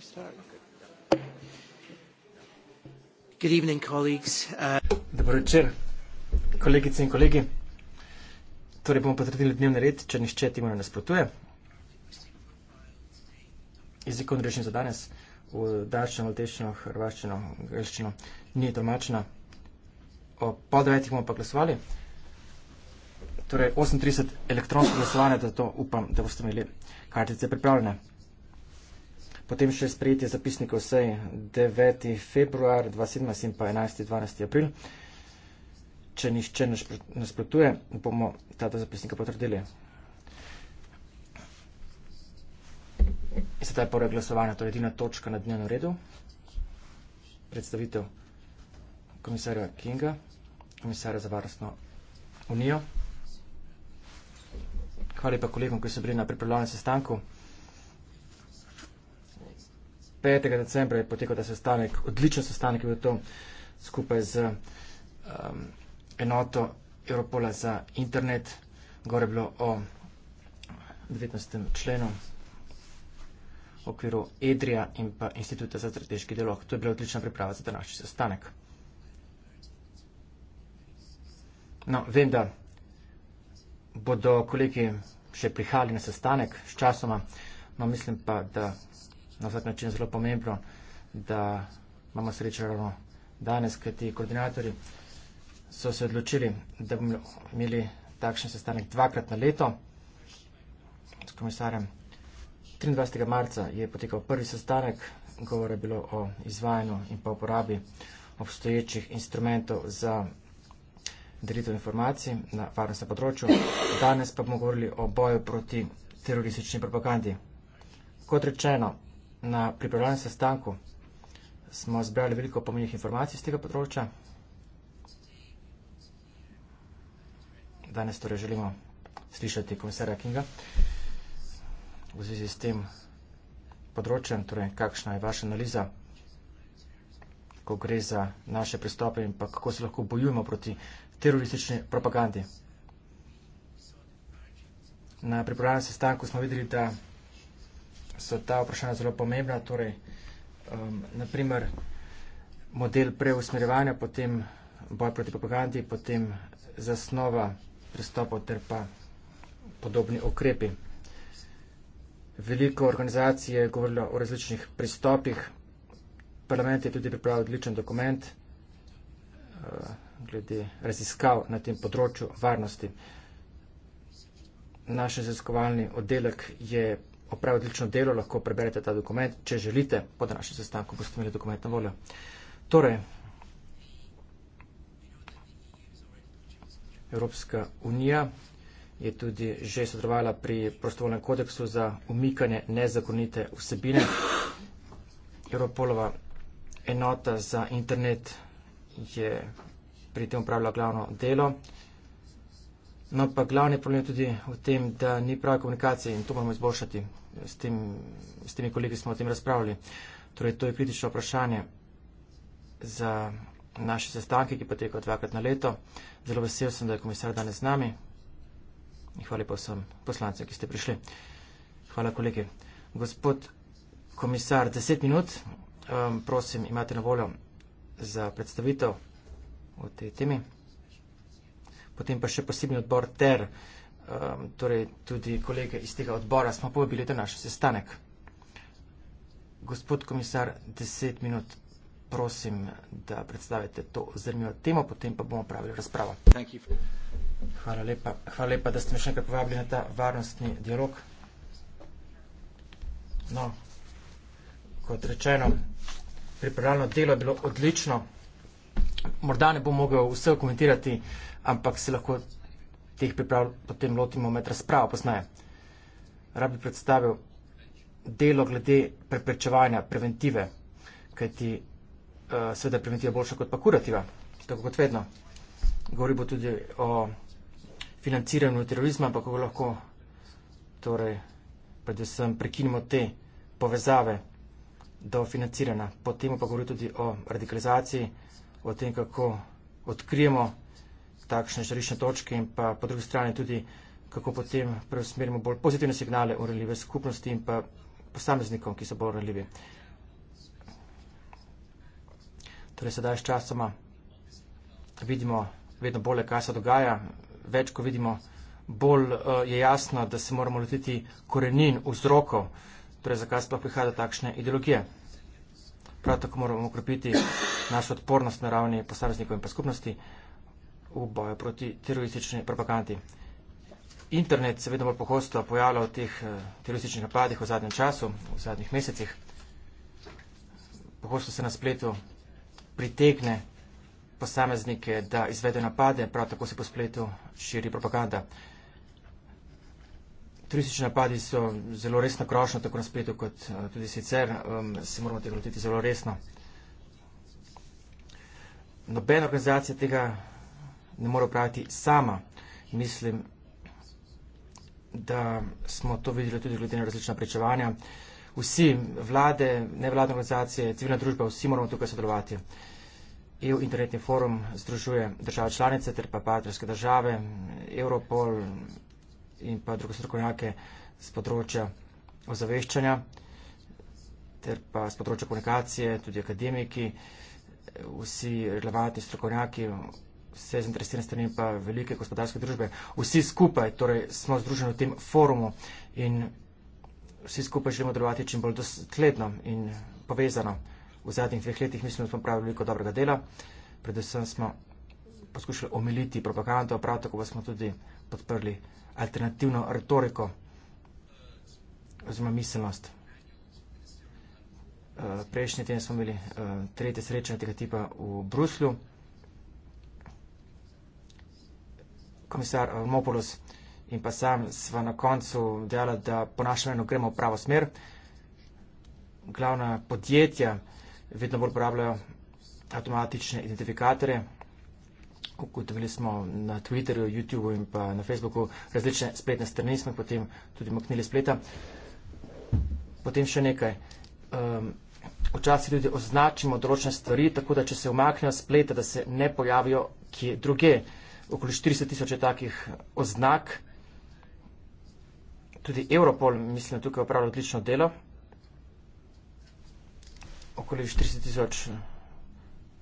we start. Good evening, colleagues. Uh, Dobro večer, kolegice in kolegi. Torej bomo potrdili dnevni red, če nihče temu ne nasprotuje. Jezikovni režim za danes v danščino, maltešino, hrvaščino, angleščino ni tolmačena. Ob pol devetih bomo pa glasovali. Torej, osemintrideset elektronsko glasovanje, zato upam, da boste imeli kartice pripravljene. Potem še sprejetje zapisnikov sej 9. februar 2017 in pa 11. 12. april. Če nišče nasprotuje, bomo ta dva zapisnika potrdili. In sedaj prvo glasovanje, to torej je edina točka na dnevnem redu. Predstavitev komisarja Kinga, komisarja za varnostno unijo. Hvala lepa kolegom, ki so bili na pripravljenem sestanku. 5. decembra je potekal ta sestanek, odličen sestanek je bil to skupaj z um, enoto Europola za internet. Gore je bilo o 19. členu v okviru Edrija in pa Instituta za strateški delok. To je bila odlična priprava za današnji sestanek. No, vem, da bodo kolegi še prihali na sestanek s časoma, no mislim pa, da na vsak način zelo pomembno, da imamo srečo ravno danes, ker ti koordinatori so se odločili, da bomo imeli takšen sestanek dvakrat na leto s komisarjem. 23. marca je potekal prvi sestanek, govore bilo o izvajanju in pa uporabi obstoječih instrumentov za delitev informacij na varnostnem področju. Danes pa bomo govorili o boju proti teroristični propagandi. Kot rečeno, na pripravljenem sestanku smo zbrali veliko pomenih informacij z tega področja. Danes torej želimo slišati komisarja Kinga v zvezi s tem področjem, torej kakšna je vaša analiza, ko gre za naše pristope in pa kako se lahko bojujemo proti teroristični propagandi. Na pripravljenem sestanku smo videli, da so ta vprašanja zelo pomembna. Torej, um, naprimer, model preusmerjevanja, potem boj proti propagandi, potem zasnova pristopov ter pa podobni okrepi. Veliko organizacij je govorilo o različnih pristopih. Parlament je tudi pripravil odličen dokument uh, glede raziskav na tem področju varnosti. Naš raziskovalni oddelek je opravi odlično delo, lahko preberete ta dokument, če želite, po današnjem sestanku boste imeli dokument na voljo. Torej, Evropska unija je tudi že sodelovala pri prostovoljnem kodeksu za umikanje nezakonite vsebine. Europolova enota za internet je pri tem upravljala glavno delo No, pa glavni problem je tudi v tem, da ni prave komunikacije in to moramo izboljšati. S, tem, s temi kolegi smo o tem razpravljali. Torej, to je kritično vprašanje za naše sestanke, ki potekajo dvakrat na leto. Zelo vesel sem, da je komisar danes z nami. Hvala pa vsem poslancem, ki ste prišli. Hvala, kolegi. Gospod komisar, deset minut. Um, prosim, imate na voljo za predstavitev o tej temi potem pa še posebni odbor ter um, torej tudi kolege iz tega odbora smo povabili na naš sestanek. Gospod komisar, deset minut prosim, da predstavite to zanimivo temo, potem pa bomo pravili razpravo. Hvala lepa. Hvala lepa, da ste me še enkrat povabili na ta varnostni dialog. No, kot rečeno, pripravljeno delo je bilo odlično morda ne bom mogel vse komentirati, ampak se lahko teh priprav potem lotimo med razpravo posneje. Rad bi predstavil delo glede preprečevanja, preventive, kajti uh, seveda preventiva boljša kot pa kurativa, tako kot vedno. Govori bo tudi o financiranju terorizma, ampak kako lahko torej, predvsem prekinimo te povezave do financiranja. Potem pa govori tudi o radikalizaciji o tem, kako odkrijemo takšne žarišne točke in pa po drugi strani tudi, kako potem preusmerimo bolj pozitivne signale o reljive skupnosti in pa posameznikom, ki so bolj reljivi. Torej sedaj s časoma vidimo vedno bolje, kaj se dogaja. Več, ko vidimo, bolj eh, je jasno, da se moramo letiti korenin, vzrokov, torej zakaj sploh prihaja takšne ideologije. Prav tako moramo ukrepiti našo odpornost na ravni posameznikov in pa skupnosti v boju proti teroristični propagandi. Internet se vedno bolj pohosto pojavlja v teh eh, terorističnih napadih v zadnjem času, v zadnjih mesecih. Pohosto se na spletu pritegne posameznike, da izvede napade, prav tako se po spletu širi propaganda. Turistični napadi so zelo resna krošnja, tako na spletu kot eh, tudi sicer. Um, se moramo tega lotiti zelo resno. Nobena organizacija tega ne more upraviti sama. Mislim, da smo to videli tudi glede na različna prečevanja. Vsi, vlade, nevladne organizacije, civilna družba, vsi moramo tukaj sodelovati. EU internetni forum združuje države članice ter pa partnerske države, Europol, in pa druge strokovnjake z področja ozaveščanja ter pa z področja komunikacije, tudi akademiki, vsi relevantni strokovnjaki, vse zainteresirane strani pa velike gospodarske družbe. Vsi skupaj torej, smo združeni v tem forumu in vsi skupaj želimo delovati čim bolj dosledno in povezano. V zadnjih dveh letih mislim, da smo pravili veliko dobrega dela. Predvsem smo poskušali omiliti propagando, prav tako pa smo tudi podprli alternativno retoriko oziroma miselnost. Eh, prejšnji teden smo imeli eh, tretje srečanje tega tipa v Bruslju. Komisar eh, Mopolus in pa sam sva na koncu dejala, da po našem mnenju gremo v pravo smer. Glavna podjetja vedno bolj uporabljajo avtomatične identifikatorje ugotovili smo na Twitterju, YouTubeu in pa na Facebooku različne spletne strani, smo potem tudi maknili spleta. Potem še nekaj. Um, včasih ljudje označimo določene stvari, tako da če se umaknejo spleta, da se ne pojavijo kje druge. Okoli 400 tisoč takih oznak. Tudi Europol, mislim, tukaj opravlja odlično delo. Okoli 400 tisoč 000...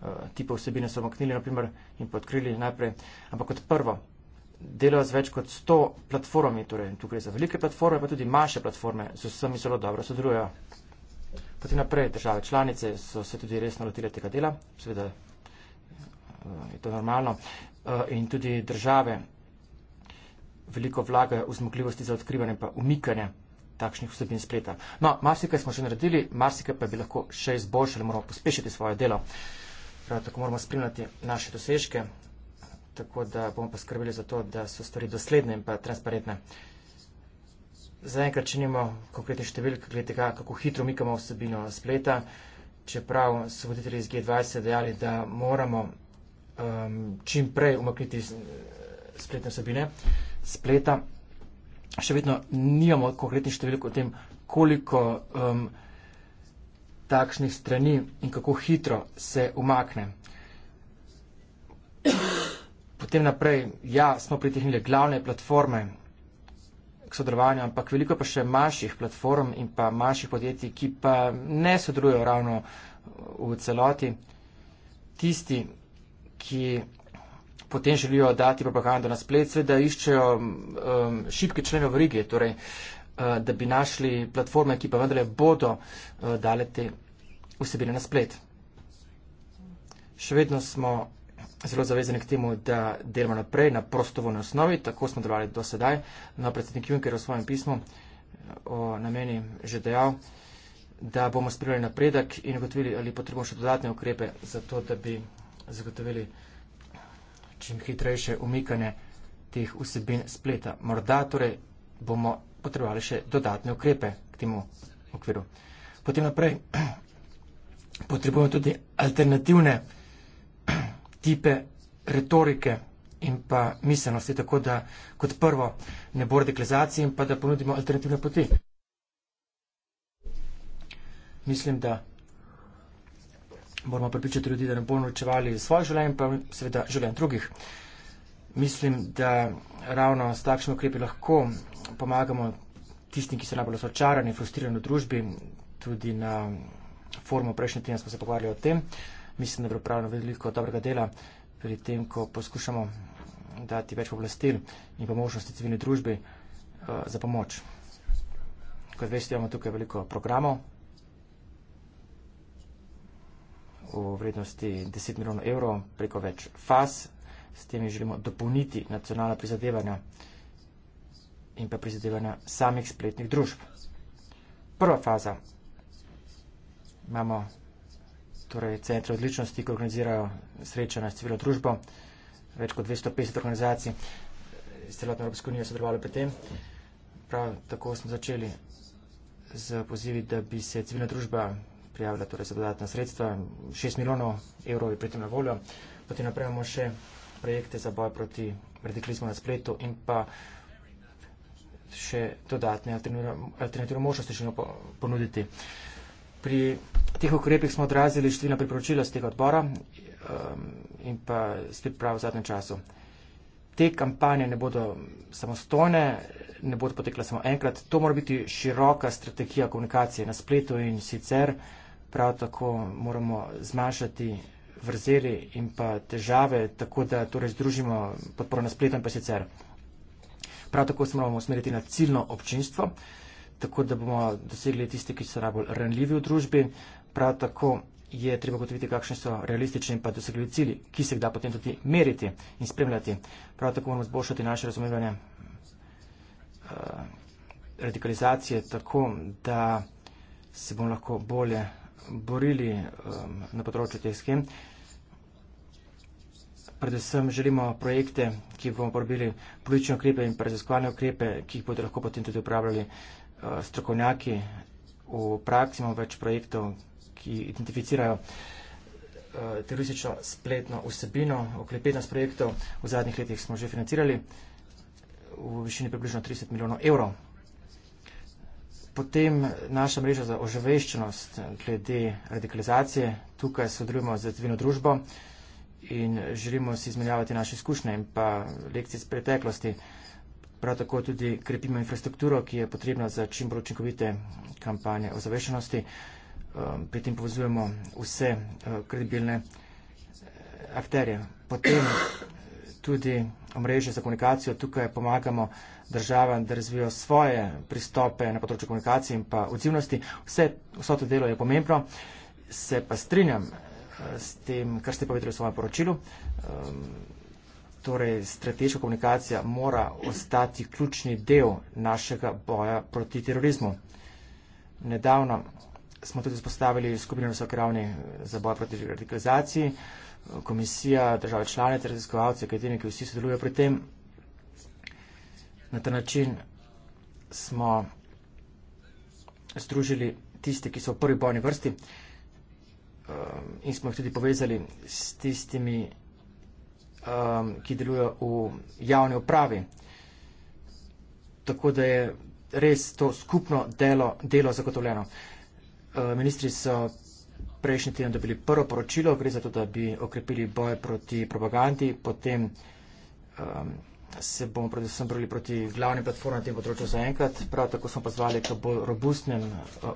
Eh, tipov vsebine so omaknili naprimer in podkrili najprej. Ampak kot prvo, delajo z več kot 100 platformami, torej tu gre za velike platforme, pa tudi manjše platforme, z vsemi zelo dobro sodelujejo. Potem naprej države članice so se tudi resno lotile tega dela, seveda eh, je to normalno. Eh, in tudi države veliko vlagajo v zmogljivosti za odkrivanje pa umikanje takšnih vsebin spleta. No, marsikaj smo že naredili, marsikaj pa bi lahko še izboljšali, moramo pospešiti svoje delo. Uh, Prav tako moramo spremljati naše dosežke, tako da bomo poskrbeli za to, da so stvari dosledne in pa transparentne. Zaenkrat činimo konkretni številk, glede tega, kako hitro mikamo vsebino spleta, čeprav so voditelji iz G20 dejali, da moramo um, čim prej umakniti spletne vsebine spleta. Še vedno nimamo konkretni številk o tem, koliko um, takšnih strani in kako hitro se umakne. Potem naprej, ja, smo pritihnili glavne platforme k sodelovanju, ampak veliko pa še manjših platform in pa manjših podjetij, ki pa ne sodelujo ravno uh, v celoti. Tisti, ki potem želijo dati propagando na splet, seveda iščejo um, šibke člene v rigi, torej uh, Eh, da bi našli platforme, ki pa vendarle bodo eh, dale te vsebine na splet. Še vedno smo zelo zavezani k temu, da delamo naprej na prostovoljni osnovi, tako smo delovali do sedaj. No, predsednik Juncker v svojem pismu eh, o nameni že dejal, da bomo spremljali napredek in ugotovili, ali potrebujemo še dodatne ukrepe za to, da bi zagotovili čim hitrejše umikanje teh vsebin spleta. Morda torej bomo potrebovali še dodatne ukrepe k temu okviru. Potem naprej potrebujemo tudi alternativne tipe retorike in pa miselnosti, tako da kot prvo ne bo radikalizacije in pa da ponudimo alternativne poti. Mislim, da moramo pripričati ljudi, da ne bomo učevali svoje življenje, pa seveda življenje drugih mislim, da ravno s takšnimi ukrepi lahko pomagamo tistim, ki so najbolj razočarani, frustrirani v družbi. Tudi na forumu prejšnji teden smo se pogovarjali o tem. Mislim, da bo pravno veliko dobrega dela pri tem, ko poskušamo dati več oblastil in pa možnosti civilni družbi uh, za pomoč. Kot veste, imamo tukaj veliko programov v vrednosti 10 milijonov evrov preko več faz, s temi želimo dopolniti nacionalna prizadevanja in pa prizadevanja samih spletnih družb. Prva faza. Imamo torej centre odličnosti, ki organizirajo srečanje s civilno družbo, več kot 250 organizacij iz celotne Evropske unije sodelovalo pri tem. Prav tako smo začeli z pozivi, da bi se civilna družba prijavila torej za dodatna sredstva. 6 milijonov evrov je pri tem na voljo. Potem napravimo še projekte za boj proti radikalizmu na spletu in pa še dodatne alternativne možnosti želimo ponuditi. Pri teh ukrepih smo odrazili številna priporočila z tega odbora ehm, in pa spet prav v zadnjem času. Te kampanje ne bodo samostojne, ne bodo potekle samo enkrat. To mora biti široka strategija komunikacije na spletu in sicer prav tako moramo zmanjšati vrzeli in pa težave, tako da torej združimo podporo na spletu in pa sicer. Prav tako se moramo usmeriti na ciljno občinstvo, tako da bomo dosegli tiste, ki so najbolj ranljivi v družbi. Prav tako je treba gotoviti, kakšni so realistični in pa dosegljivi cilji, ki se jih da potem tudi meriti in spremljati. Prav tako moramo zboljšati naše razumevanje uh, radikalizacije, tako da se bomo lahko bolje borili um, na področju teh skem predvsem želimo projekte, ki bomo porabili politične ukrepe in preziskovalne ukrepe, ki jih bodo lahko potem tudi upravljali uh, eh, strokovnjaki. V praksi imamo več projektov, ki identificirajo uh, teroristično spletno vsebino. Okoli 15 projektov v zadnjih letih smo že financirali v višini približno 30 milijonov evrov. Potem naša mreža za oževeščenost glede radikalizacije. Tukaj sodelujemo z civilno družbo. Uh, in želimo si izmenjavati naše izkušnje in pa lekcije iz preteklosti. Prav tako tudi krepimo infrastrukturo, ki je potrebna za čim bolj učinkovite kampanje o zavešenosti. Um, pri tem povezujemo vse uh, kredibilne uh, akterje. Potem uh, tudi omrežje za komunikacijo. Tukaj pomagamo državam, da razvijo svoje pristope na področju komunikacije in pa odzivnosti. Vse, vso to delo je pomembno. Se pa strinjam s tem, kar ste povedali v svojem poročilu. Um, torej, strateška komunikacija mora ostati ključni del našega boja proti terorizmu. Nedavno smo tudi spostavili skupino visoke ravni eh, za boj proti radikalizaciji. Komisija, države članice, raziskovalci, akademiki, vsi sodelujo pri tem. Na ta način smo združili tiste, ki so v prvi bojni vrsti. Uh, um, in smo jih tudi povezali s tistimi, um, ki delujejo v javni upravi. Tako da je res to skupno delo, delo zagotovljeno. Ehm, ministri so prejšnji teden dobili prvo poročilo, gre za to, da bi okrepili boj proti propagandi, potem um, se bomo predvsem brali proti glavni platformi na tem področju zaenkrat, prav tako smo pozvali k bolj robustnem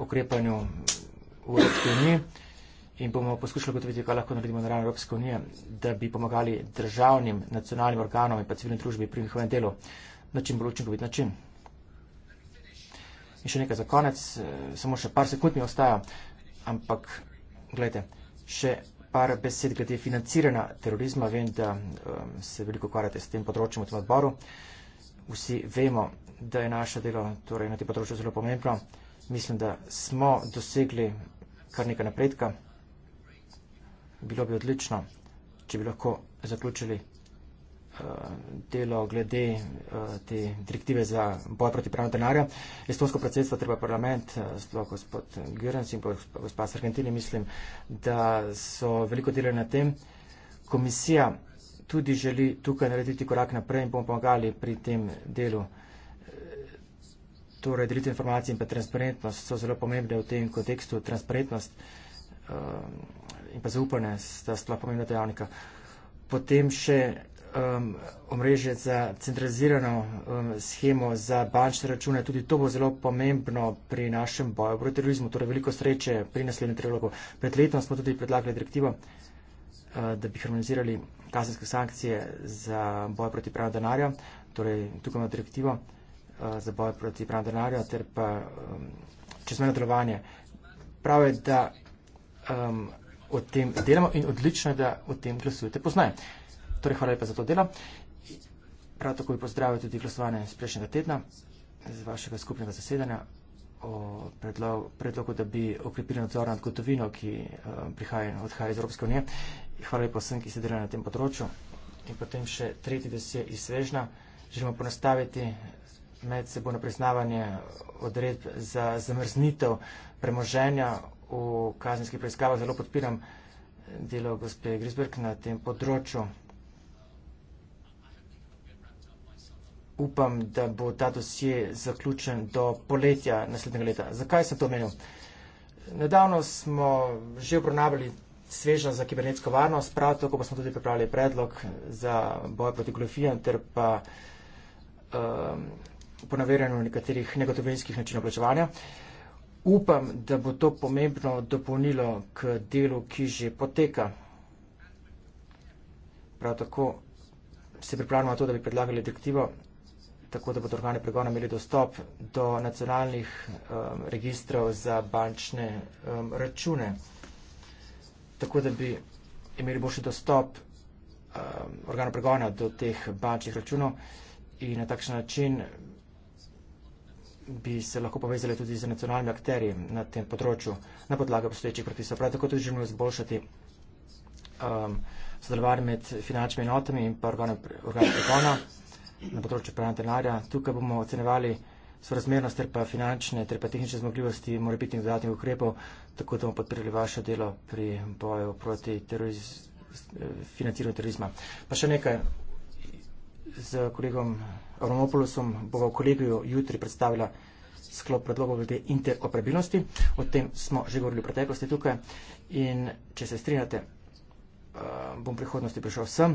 okrepanju eh, v Evropski uniji in bomo poskušali gotoviti, kaj lahko naredimo na ravni Evropske unije, da bi pomagali državnim, nacionalnim organom in pa civilni družbi pri njihovem delu na čim bolj učinkovit način. In še nekaj za konec, eh, samo še par sekund mi ostaja, ampak gledajte, še par besed glede financiranja terorizma. Vem, da um, se veliko ukvarjate s tem področjem v tem odboru. Vsi vemo, da je naše delo torej, na tem področju zelo pomembno. Mislim, da smo dosegli kar nekaj napredka bilo bi odlično, če bi lahko zaključili eh, delo glede eh, te direktive za boj proti pranju denarja. Estonsko predsedstvo treba parlament, eh, sploh gospod Gürens in gospod Sargentini, mislim, da so veliko delali na tem. Komisija tudi želi tukaj narediti korak naprej in bomo pomagali pri tem delu. Torej, delitev informacij in pa transparentnost so zelo pomembne v tem kontekstu. Transparentnost in pa zaupanje, sta sta pomembna dejavnika. Potem še um, omrežje za centralizirano um, schemo za bančne račune, tudi to bo zelo pomembno pri našem boju proti terorizmu, torej veliko sreče pri naslednjem trilogu. Pred letom smo tudi predlagali direktivo, uh, da bi harmonizirali kazenske sankcije za boj proti pranju denarja, torej tukaj imamo direktivo uh, za boj proti pranju denarja ter pa um, čezmejno delovanje. Prav je, da. Um, o tem delamo in odlično je, da o tem glasujete poznaj. Torej, hvala lepa za to delo. Prav tako bi pozdravil tudi glasovanje iz prejšnjega tedna, iz vašega skupnega zasedanja o predlog, predlogu, da bi okrepili nadzor nad gotovino, ki eh, prihaja in odhaja iz Evropske unije. Hvala lepa vsem, ki ste delali na tem področju. In potem še tretji, da se je iz svežna. Želimo ponastaviti medsebojno priznavanje odredb za zamrznitev premoženja v kazenskih preiskavah. Zelo podpiram delo gospe Grisberg na tem področju. Upam, da bo ta dosje zaključen do poletja naslednjega leta. Zakaj sem to omenil? Nedavno smo že obravnavali sveža za kibernetsko varnost, prav tako pa smo tudi pripravili predlog za boj proti glofijam ter pa um, ponaverjanju nekaterih negotovinskih načinov plačevanja. Uh, Upam, da bo to pomembno dopolnilo k delu, ki že poteka. Prav tako se pripravljamo na to, da bi predlagali direktivo, tako da bodo organe pregona imeli dostop do nacionalnih um, registrov za bančne um, račune, tako da bi imeli boljši dostop um, organov pregona do teh bančnih računov in na takšen način bi se lahko povezali tudi z nacionalnimi akterji na tem področju na podlagi postojičih predpisov. Prav tako tudi želimo izboljšati um, sodelovanje med finančnimi enotami in pa organi pregona na področju pranja denarja. Tukaj bomo ocenevali sorazmernost ter pa finančne ter pa tehnične zmogljivosti morebitnih dodatnih ukrepov, tako da bomo podprli vaše delo pri boju proti teroriz eh, financiranju terorizma. Pa še nekaj z kolegom. Romopolosom bo v kolegiju jutri predstavila sklop predlogov glede interoperabilnosti. O tem smo že govorili v preteklosti tukaj in če se strinjate, eh, bom v prihodnosti prišel sem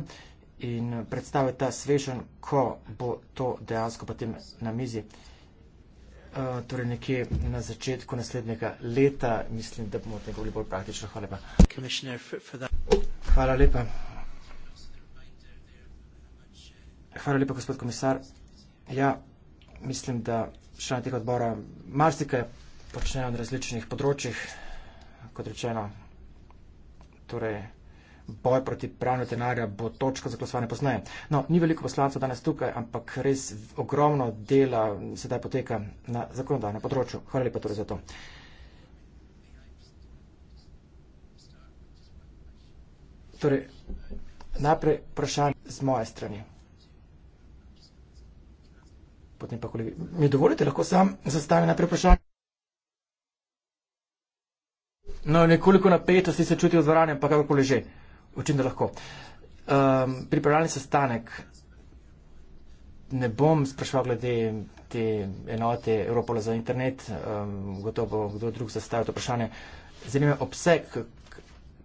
in predstavil ta svežen, ko bo to dejansko potem na mizi. Eh, torej nekje na začetku naslednjega leta, mislim, da bomo o tem govorili bolj praktično. Hvala lepa. Hvala lepa. Hvala lepa, gospod komisar. Ja, mislim, da člani tega odbora marsikaj počnejo na različnih področjih, kot rečeno. Torej, boj proti pranju denarja bo točka za glasovanje poznaje. No, ni veliko poslancev danes tukaj, ampak res ogromno dela sedaj poteka na zakonodajnem področju. Hvala lepa torej za to. Torej, najprej vprašanje z moje strani potem pa kolegi. Mi dovolite, lahko sam zastavim najprej vprašanje. No, nekoliko napetosti se čuti v dvorani, ampak kakorkoli že. Očitno lahko. Um, pripravljalni sestanek. Ne bom spraševal glede te enote Europola za internet, um, gotovo kdo drug zastavlja to vprašanje. Zanima me obseg,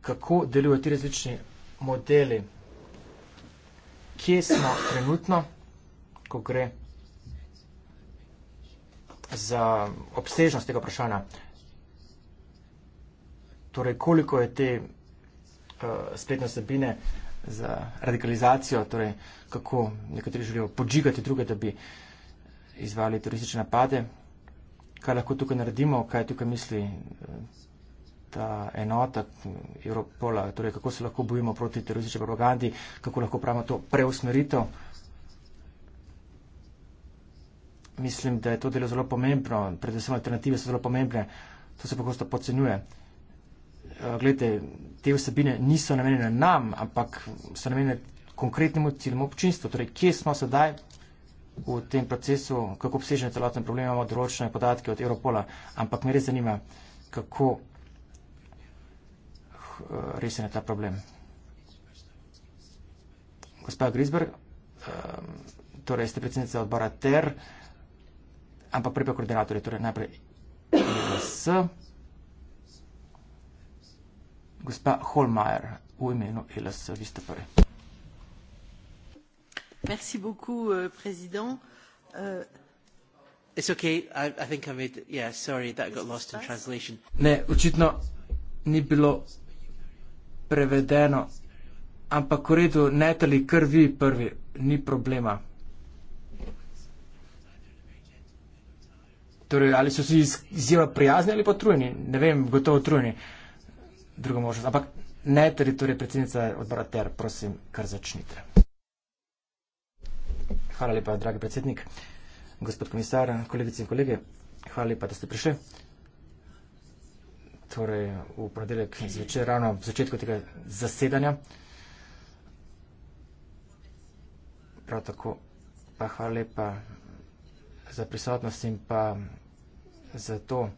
kako delujejo ti različni modeli, kje smo trenutno, ko gre za obsežnost tega vprašanja. Torej, koliko je te uh, spletne osebine za radikalizacijo, torej, kako nekateri želijo podžigati druge, da bi izvali turistične napade. Kaj lahko tukaj naredimo, kaj tukaj misli eh, ta enota Evropola, torej kako se lahko bojimo proti teroristični propagandi, kako lahko pravimo to preusmeritev mislim, da je to delo zelo pomembno, predvsem alternative so zelo pomembne, to se pogosto podcenjuje. Eh, Glede, te vsebine niso namenjene nam, ampak so namenjene konkretnemu ciljemu občinstvu. Torej, kje smo sedaj v tem procesu, kako obsežen je celoten problem, imamo določene podatke od Europola, ampak me res zanima, kako eh, resen je ta problem. Gospod Grisberg, eh, torej ste predsednica odbora TER ampak prej pa koordinatorje, torej najprej IGS, gospa Holmajer v imenu ILS, vi ste prvi. Merci beaucoup, uh, President. Uh, it's okay, I, I think I made, yeah, sorry, that got lost in translation. Ne, očitno ni bilo prevedeno, ampak v redu, Natalie, kar vi prvi, ni problema. Torej, ali so si iz, izjema prijazni ali pa trujeni, ne vem, gotovo trujeni. Druga možnost. Ampak ne, torej, torej predsednica odbora TER, prosim, kar začnite. Hvala lepa, dragi predsednik, gospod komisar, kolegice in kolege, hvala lepa, da ste prišli. Torej, v pradelek zvečer, ravno v začetku tega zasedanja. Prav tako pa hvala lepa za prisotnost in pa za to,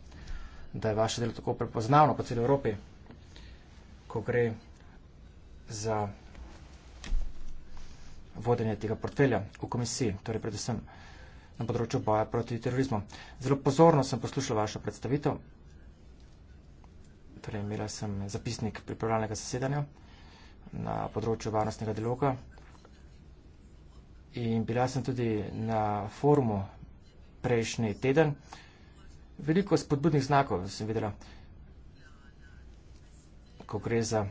da je vaše delo tako prepoznavno po celi Evropi, ko gre za vodenje tega portfelja v komisiji, torej predvsem na področju boja proti terorizmu. Zelo pozorno sem poslušal vašo predstavitev, torej imela sem zapisnik pripravljalnega zasedanja na področju varnostnega dialoga in bila sem tudi na forumu prejšnji teden, veliko spodbudnih znakov sem videla, ko gre za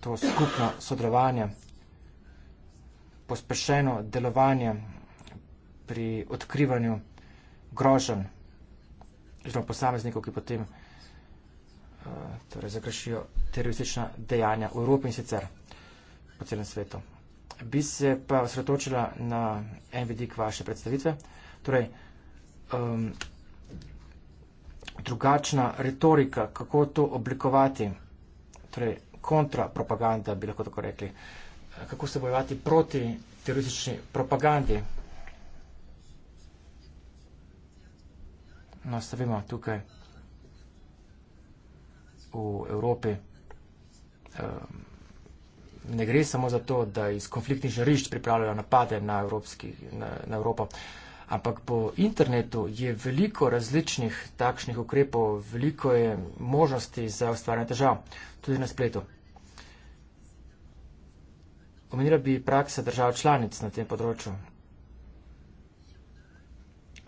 to skupno sodelovanje, pospešeno delovanje pri odkrivanju grožen oziroma posameznikov, ki potem eh, torej, zagrešijo teroristična dejanja v Evropi in sicer po celem svetu. Bi se pa osredotočila na en vidik vaše predstavitve. Torej, Um, drugačna retorika, kako to oblikovati, torej kontrapropaganda, bi lahko tako rekli, kako se bojevati proti teroristični propagandi. No, stavimo tukaj v Evropi. Um, ne gre samo za to, da iz konfliktnih žarišč pripravljajo napade na, Evropski, na, na Evropo. Ampak po internetu je veliko različnih takšnih ukrepov, veliko je možnosti za ustvarjanje težav, tudi na spletu. Omenila bi praksa držav članic na tem področju.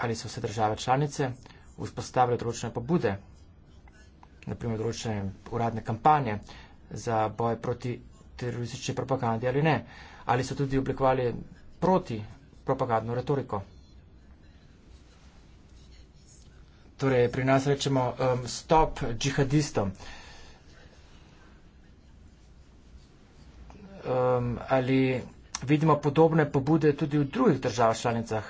Ali so vse države članice vzpostavile določene pobude, naprimer določene uradne kampanje za boje proti teroristični propagandi ali ne? Ali so tudi oblikovali proti propagandno retoriko? torej pri nas rečemo um, stop džihadistom. Um, ali vidimo podobne pobude tudi v drugih držav članicah?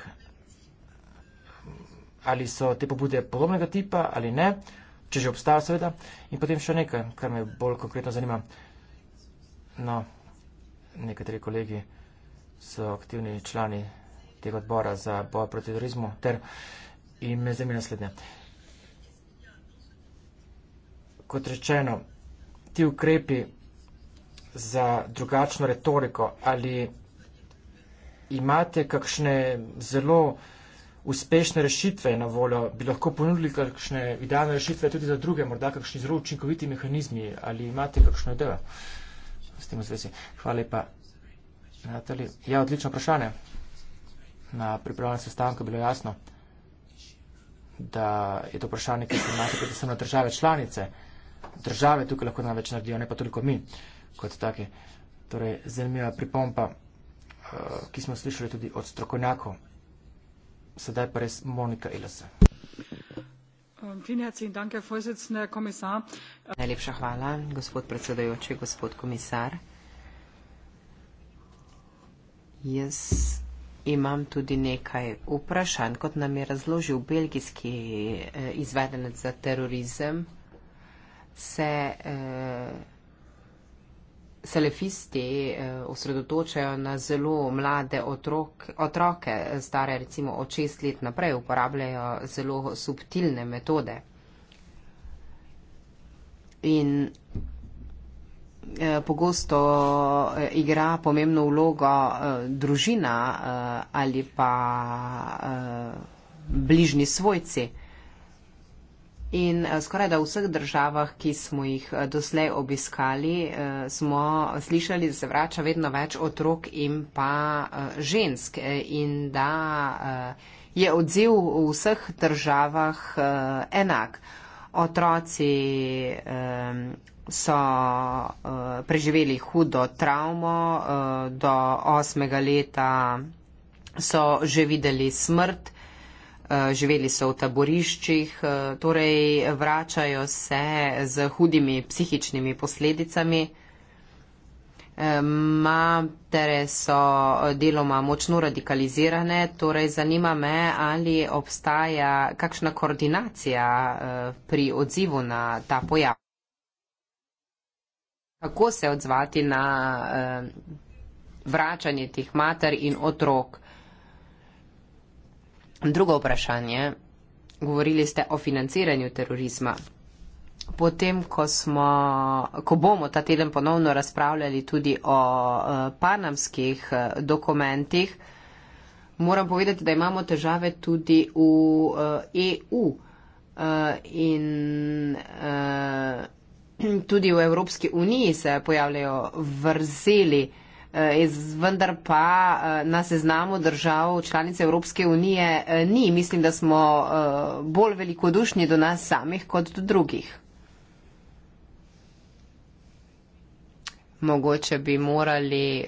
Ali so te pobude podobnega tipa ali ne, če že obstajajo seveda? In potem še nekaj, kar me bolj konkretno zanima. No, nekateri kolegi so aktivni člani tega odbora za boj proti terorizmu ter in me zanima naslednje kot rečeno, ti ukrepi za drugačno retoriko ali imate kakšne zelo uspešne rešitve na voljo, bi lahko ponudili kakšne idealne rešitve tudi za druge, morda kakšni zelo učinkoviti mehanizmi ali imate kakšno idejo s tem v zvezi. Hvala lepa. Natali. Ja, odlično vprašanje. Na pripravljenem sestanku je bilo jasno, da je to vprašanje, ki se imate predvsem na države članice države tukaj lahko največ naredijo, ne pa toliko mi kot take. Torej, zanimiva pripompa, eh, ki smo slišali tudi od strokovnjakov. Sedaj pa res Monika Ilese. Um, Najlepša hvala, gospod predsedajoči, gospod komisar. Jaz imam tudi nekaj vprašanj, kot nam je razložil belgijski eh, izvedenec za terorizem se, eh, selefisti eh, osredotočajo na zelo mlade otrok, otroke, stare recimo od 6 let naprej, uporabljajo zelo subtilne metode. In eh, pogosto eh, igra pomembno vlogo eh, družina eh, ali pa eh, bližnji svojci. Eh, In eh, skoraj da v vseh državah, ki smo jih eh, doslej obiskali, eh, smo slišali, da se vrača vedno več otrok in pa žensk in da je odziv v vseh državah enak. Otroci so preživeli hudo travmo, do osmega leta so že videli smrt. Eh, živeli so v taboriščih, eh, torej vračajo se z hudimi psihičnimi posledicami. Eh, matere so deloma močno radikalizirane, torej zanima me, ali obstaja kakšna koordinacija pri odzivu na ta pojav. Kako se odzvati na vračanje tih mater in otrok? Drugo vprašanje. Govorili ste o financiranju terorizma. Potem, ko, smo, ko bomo ta teden ponovno razpravljali tudi o eh, panamskih eh, dokumentih, moram povedati, da imamo težave tudi v EU eh, e in tudi v Evropski uniji se pojavljajo vrzeli. Eh, vendar pa eh, na seznamu držav članice Evropske unije eh, ni. Mislim, da smo bolj velikodušni do nas samih kot do drugih. Mogoče bi morali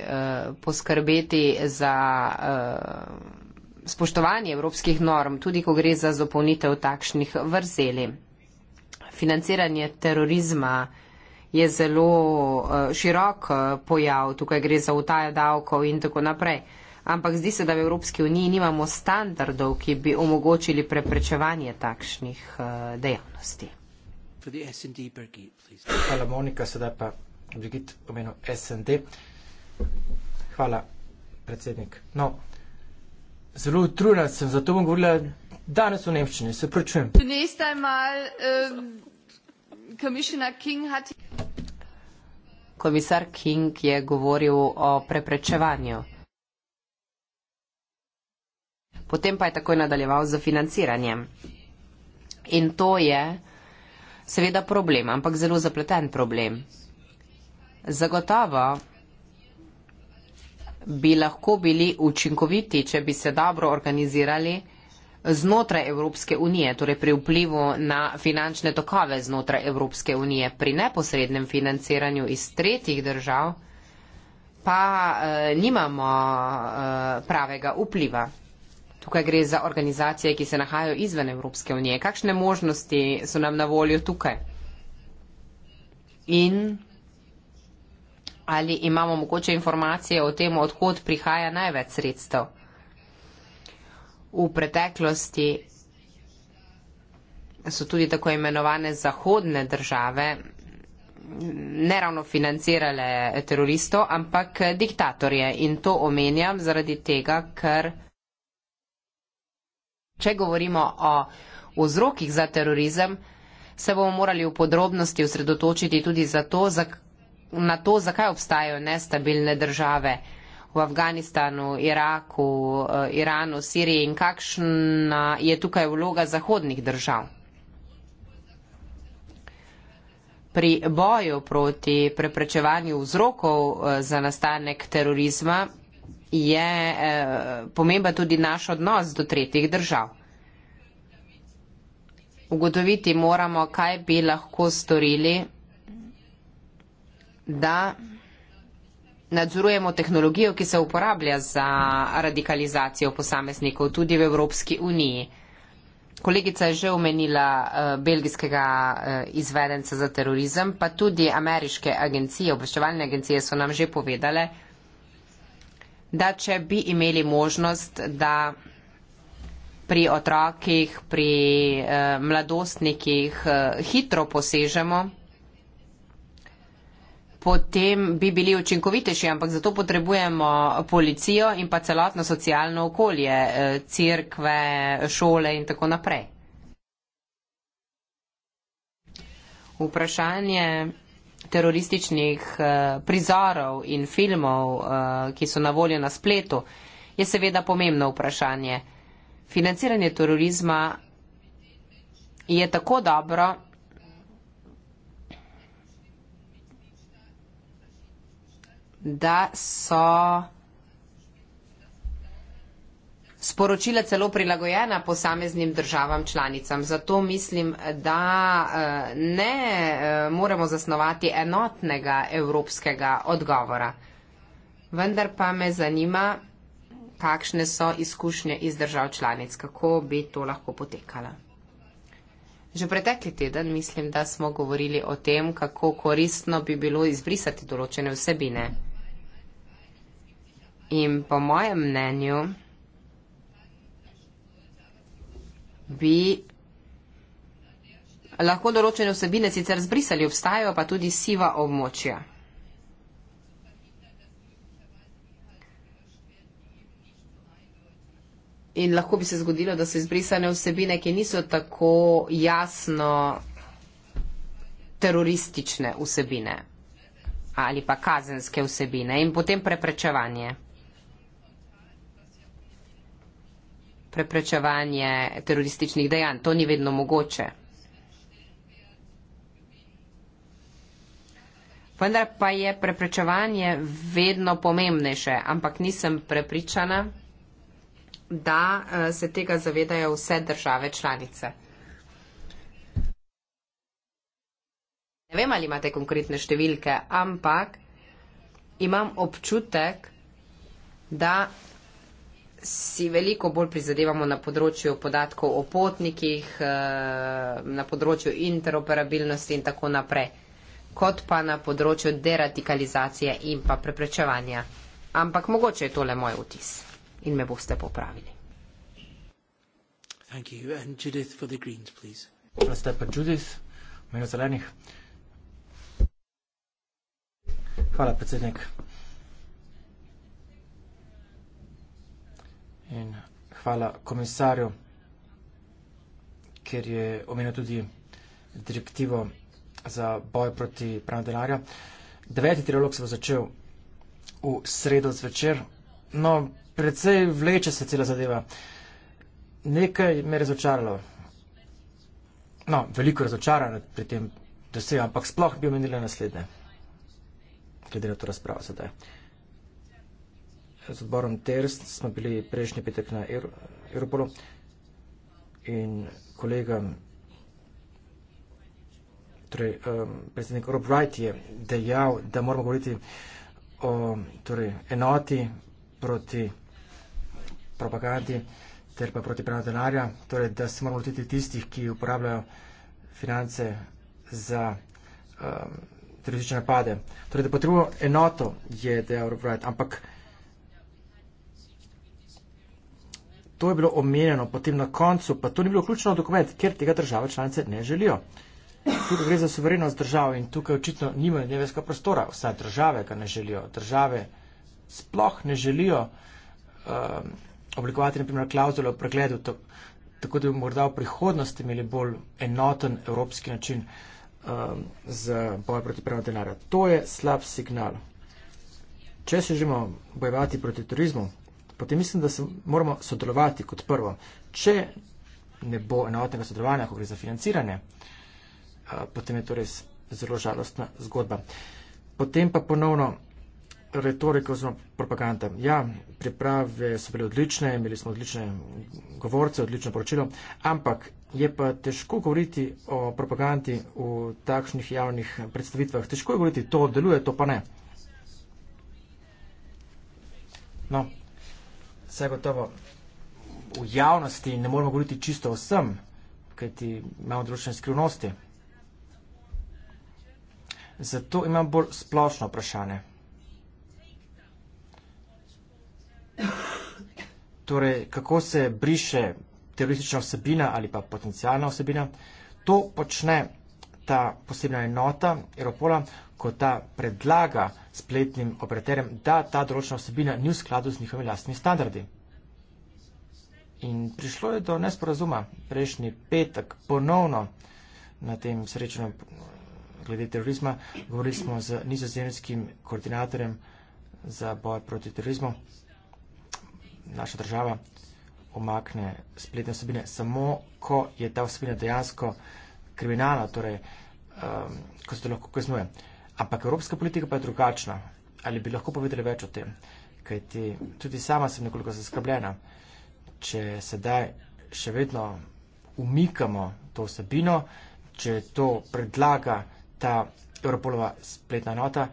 poskrbeti za spoštovanje evropskih norm, tudi ko gre za zapolnitev takšnih vrzeli. Financiranje terorizma je zelo eh, širok eh, pojav, tukaj gre za utaje davkov in tako naprej. Ampak zdi se, da v Evropski uniji nimamo standardov, ki bi omogočili preprečevanje takšnih eh, dejavnosti. Hvala, Monika, sedaj pa Brigit, pomenu SND. Hvala, predsednik. No, zelo utrujena sem, zato bom govorila danes o Nemčini. Se pričujem. Nesta je mal. Um... Komisar King je govoril o preprečevanju. Potem pa je takoj nadaljeval z financiranjem. In to je seveda problem, ampak zelo zapleten problem. Zagotovo bi lahko bili učinkoviti, če bi se dobro organizirali znotraj Evropske unije, torej pri vplivu na finančne tokove znotraj Evropske unije, pri neposrednem financiranju iz tretjih držav, pa eh, nimamo eh, pravega vpliva. Tukaj gre za organizacije, ki se nahajajo izven Evropske unije. Kakšne možnosti so nam na voljo tukaj? In ali imamo mogoče informacije o tem, odkot prihaja največ sredstev? v preteklosti so tudi tako imenovane zahodne države ne ravno financirale teroristov, ampak diktatorje. In to omenjam zaradi tega, ker če govorimo o vzrokih za terorizem, se bomo morali v podrobnosti osredotočiti tudi za to, za, na to, zakaj obstajajo nestabilne države v Afganistanu, Iraku, eh, Iranu, Siriji in kakšna je tukaj vloga zahodnih držav. Pri boju proti preprečevanju vzrokov eh, za nastanek terorizma je eh, pomemben tudi naš odnos do tretjih držav. Ugotoviti moramo, kaj bi lahko storili, da nadzorujemo tehnologijo, ki se uporablja za radikalizacijo posameznikov tudi v Evropski uniji. Kolegica je že omenila uh, belgijskega uh, izvedenca za terorizem, pa tudi ameriške agencije, obveščevalne agencije so nam že povedale, da če bi imeli možnost, da pri otrokih, pri uh, mladostnikih uh, hitro posežemo, potem bi bili učinkovitejši, ampak zato potrebujemo policijo in pa celotno socialno okolje, eh, crkve, šole in tako naprej. Vprašanje terorističnih eh, prizorov in filmov, eh, ki so na voljo na spletu, je seveda pomembno vprašanje. Financiranje terorizma je tako dobro, da so sporočila celo prilagojena posameznim državam članicam. Zato mislim, da eh, ne eh, moramo zasnovati enotnega evropskega odgovora. Vendar pa me zanima, kakšne so izkušnje iz držav članic, kako bi to lahko potekalo. Že pretekli teden mislim, da smo govorili o tem, kako koristno bi bilo izbrisati določene vsebine. In po mojem mnenju bi lahko določene vsebine sicer zbrisali, obstajajo pa tudi siva območja. In lahko bi se zgodilo, da so izbrisane vsebine, ki niso tako jasno teroristične vsebine ali pa kazenske vsebine in potem preprečevanje. preprečevanje terorističnih dejanj. To ni vedno mogoče. Vendar pa je preprečevanje vedno pomembnejše, ampak nisem prepričana, da eh, se tega zavedajo vse države članice. Ne vem, ali imate konkretne številke, ampak imam občutek, da si veliko bolj prizadevamo na področju podatkov o potnikih, eh, na področju interoperabilnosti in tako naprej, kot pa na področju deradikalizacije in pa preprečevanja. Ampak mogoče je tole moj vtis in me boste popravili. Hvala, predsednik. hvala komisarju, ker je omenil tudi direktivo za boj proti pranju denarja. Deveti trilog se bo začel v sredo zvečer. No, predvsej vleče se cela zadeva. Nekaj me je razočaralo. No, veliko razočaranja pri tem dosegu, ampak sploh bi omenila naslednje. Glede na to razpravo sedaj z odborom TERS, smo bili prejšnji petek na Europolu in kolegam, torej um, predsednik Rob Wright je dejal, da moramo govoriti o torej, enoti proti propagandi ter pa proti pranju denarja, torej da se moramo lotiti tistih, ki uporabljajo finance za um, teroristične napade. Torej, da potrebujemo enoto, je dejal Rob Wright, ampak to je bilo omenjeno, potem na koncu, pa to ni bilo ključno dokument, ker tega države članice ne želijo. Tukaj gre za soverenost držav in tukaj očitno nimajo nevezka prostora, vsaj države ga ne želijo. Države sploh ne želijo um, oblikovati, naprimer, klauzule o pregledu, to, tako da bi morda v prihodnosti imeli bolj enoten evropski način um, za boj proti pranju denarja. To je slab signal. Če se želimo bojevati proti turizmu, potem mislim, da se moramo sodelovati kot prvo. Če ne bo enotnega sodelovanja, ko gre za financiranje, potem je to res zelo žalostna zgodba. Potem pa ponovno retorika oziroma propaganda. Ja, priprave so bile odlične, imeli smo odlične govorce, odlično poročilo, ampak je pa težko govoriti o propagandi v takšnih javnih predstavitvah. Težko je govoriti, to deluje, to pa ne. No vse gotovo v javnosti ne moramo govoriti čisto o vsem, kaj ti imamo določene skrivnosti. Zato imam bolj splošno vprašanje. Torej, kako se briše teroristična osebina ali pa potencijalna osebina, to počne ta posebna enota Europola, ko ta predlaga spletnim operaterjem, da ta določena osebina ni v skladu z njihovimi lastnimi standardi. In prišlo je do nesporazuma prejšnji petek ponovno na tem srečanju glede terorizma. Govorili smo z nizozemskim koordinatorjem za boj proti terorizmu. Naša država omakne spletne osebine samo, ko je ta osebina dejansko kriminalna, torej um, ko se to lahko kaznuje. Uh, Ampak evropska politika pa je drugačna. Ali bi lahko povedali več o tem? Kaj ti tudi sama sem nekoliko zaskrbljena, če sedaj še vedno umikamo to vsebino, če to predlaga ta Europolova spletna nota.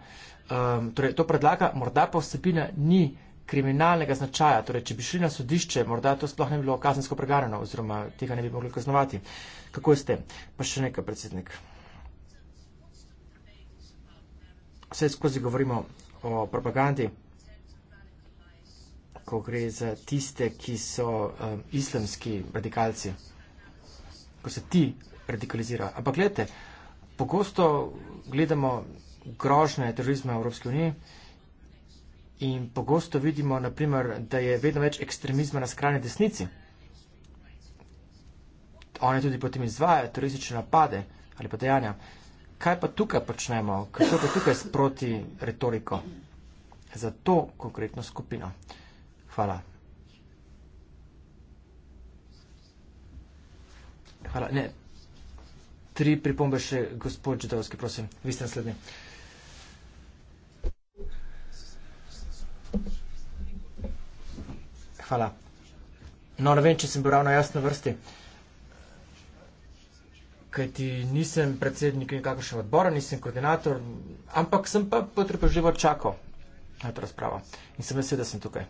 Um, torej, to predlaga, morda pa vsebina ni kriminalnega značaja. Torej, če bi šli na sodišče, morda to sploh ne bi bilo kazensko preganjeno oziroma tega ne bi mogli kaznovati. Kako je s tem? Pa še nekaj, predsednik. vse skozi govorimo o propagandi, ko gre za tiste, ki so um, islamski radikalci, ko se ti radikalizirajo. Ampak gledajte, pogosto gledamo grožne terorizme v Evropski uniji in pogosto vidimo, naprimer, da je vedno več ekstremizma na skrajni desnici. Oni tudi potem izvajajo teroristične napade ali pa dejanja kaj pa tukaj počnemo, kako pa tukaj sproti retoriko za to konkretno skupino. Hvala. Hvala. Ne. Tri pripombe še, gospod Židovski, prosim. Vi ste naslednji. Hvala. No, ne vem, če sem bil ravno jasno vrsti kajti nisem predsednik nekakšnega odbora, nisem koordinator, ampak sem pa potrpežljivo čakal na to razpravo in sem vesel, da sem tukaj.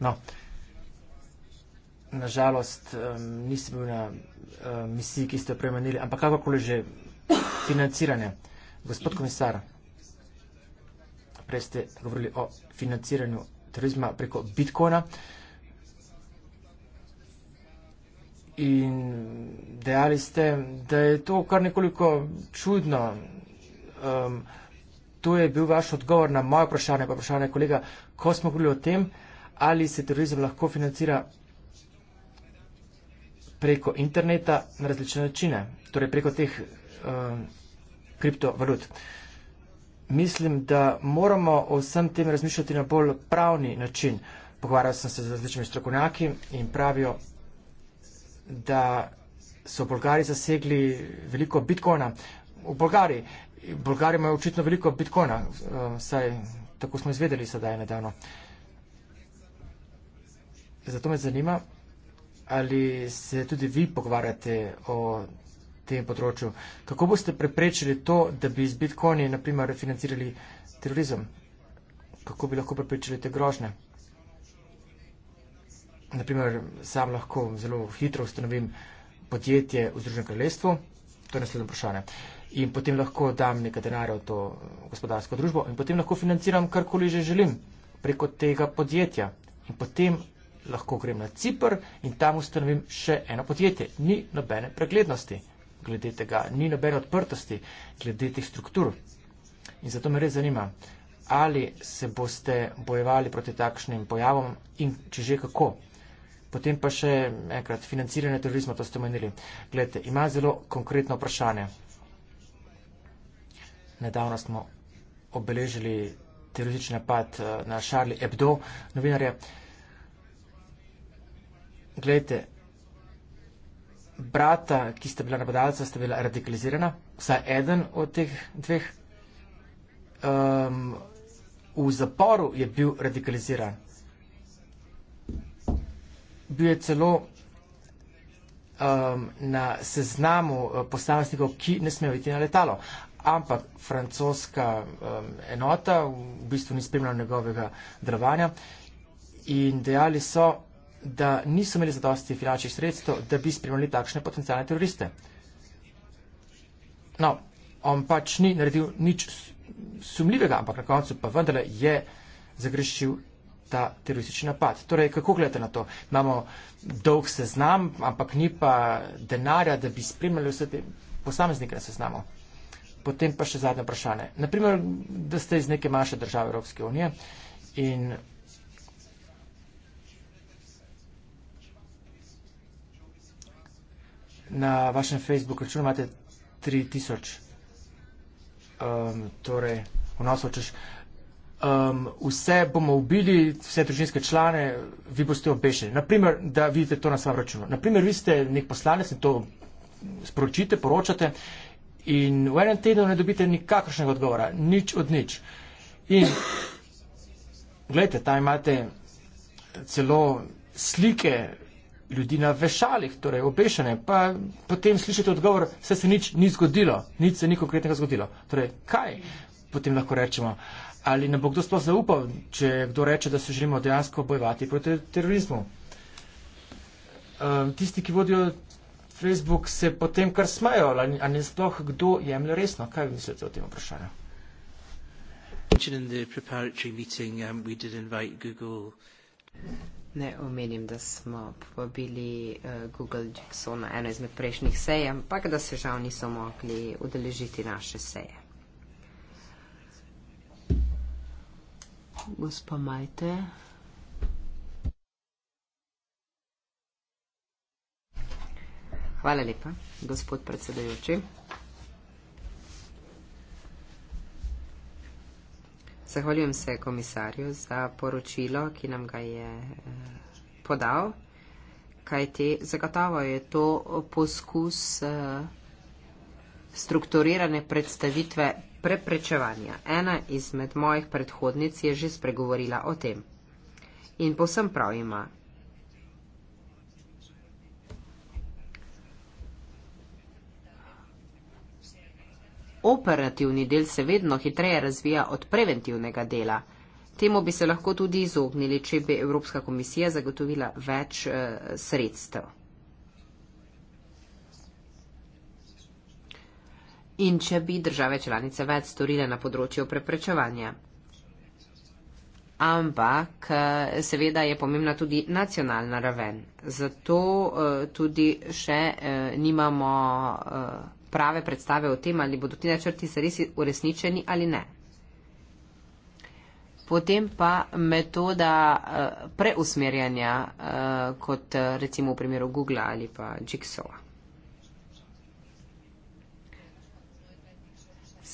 No, nažalost nisem bil na misiji, ki ste jo premenili, ampak kakorkoli že financiranje. Gospod komisar, prej ste govorili o financiranju turizma preko bitcoina. in dejali ste, da je to kar nekoliko čudno. Um, to je bil vaš odgovor na moje vprašanje, pa vprašanje kolega, ko smo govorili o tem, ali se terorizem lahko financira preko interneta na različne načine, torej preko teh um, kriptovalut. Mislim, da moramo o vsem tem razmišljati na bolj pravni način. Pogovarjal sem se z različnimi strokovnjaki in pravijo, da so Bolgari zasegli veliko bitcoina v Bolgariji. Bolgari imajo očitno veliko bitcoina, eh, saj tako smo izvedeli sedaj nedavno. Zato me zanima, ali se tudi vi pogovarjate o tem področju. Kako boste preprečili to, da bi z bitcoini, naprimer, financirali terorizem? Kako bi lahko preprečili te grožne? naprimer, sam lahko zelo hitro ustanovim podjetje v Združenem kraljestvu, to je naslednje vprašanje, in potem lahko dam nekaj denarja v to gospodarsko družbo in potem lahko financiram karkoli že želim preko tega podjetja. In potem lahko grem na Cipr in tam ustanovim še eno podjetje. Ni nobene preglednosti glede tega, ni nobene odprtosti glede teh struktur. In zato me res zanima, ali se boste bojevali proti takšnim pojavom in če že kako. Potem pa še enkrat, financiranje terorizma, to ste omenili. Gledajte, ima zelo konkretno vprašanje. Nedavno smo obeležili teroristični napad eh, na Charlie Hebdo, novinarje. Gledajte, brata, ki sta bila napadalca, sta bila radikalizirana, vsaj eden od teh dveh. Um, v zaporu je bil radikaliziran bil je celo um, na seznamu uh, posameznikov, ki ne smejo iti na letalo. Ampak francoska um, enota v bistvu ni spremljala njegovega delovanja in dejali so, da niso imeli zadosti finančnih sredstev, da bi spremljali takšne potencijalne teroriste. No, on pač ni naredil nič sumljivega, ampak na koncu pa vendarle je zagrešil ta teroristični napad. Torej, kako gledate na to? Imamo dolg seznam, ampak ni pa denarja, da bi spremljali vse te posameznike na seznamu. Potem pa še zadnje vprašanje. Naprimer, da ste iz neke manjše države Evropske unije in na vašem Facebook računu imate 3000 um, torej, vnosov, češ. Uh, um, vse bomo ubili, vse družinske člane, vi boste obešeni. Naprimer, da vidite to na svojem računu. Naprimer, vi ste nek poslanec in to sporočite, poročate in v enem tednu ne dobite nikakršnega odgovora, nič od nič. In gledajte, tam imate celo slike ljudi na vešalih, torej obešene, pa potem slišite odgovor, vse se nič ni zgodilo, nič se ni konkretnega zgodilo. Torej, kaj potem lahko rečemo? Uh, ali nam bo kdo sploh zaupal, če kdo reče, da se želimo dejansko bojevati proti terorizmu. Um, tisti, ki vodijo Facebook, se potem kar smajo, ali, ali ne sploh kdo jemlje resno. Kaj vi mislite o tem vprašanju? Um, ne omenim, da smo povabili uh, Google Jackson na eno izmed prejšnjih sej, ampak da se žal niso mogli udeležiti naše seje. gospa Majte. Hvala lepa, gospod predsedajoči. Zahvaljujem se komisarju za poročilo, ki nam ga je eh, podal, kajti zagotovo je to poskus eh, strukturirane predstavitve preprečevanja. Ena izmed mojih predhodnic je že spregovorila o tem. In posem prav ima. Operativni del se vedno hitreje razvija od preventivnega dela. Temu bi se lahko tudi izognili, če bi Evropska komisija zagotovila več eh, sredstev. in če bi države članice več storile na področju preprečevanja. Ampak eh, seveda je pomembna tudi nacionalna raven. Zato eh, tudi še eh, nimamo prave predstave o tem, ali bodo ti načrti se res uresničeni ali ne. Potem pa metoda preusmerjanja, kot recimo v primeru Google ali pa Jigsawa.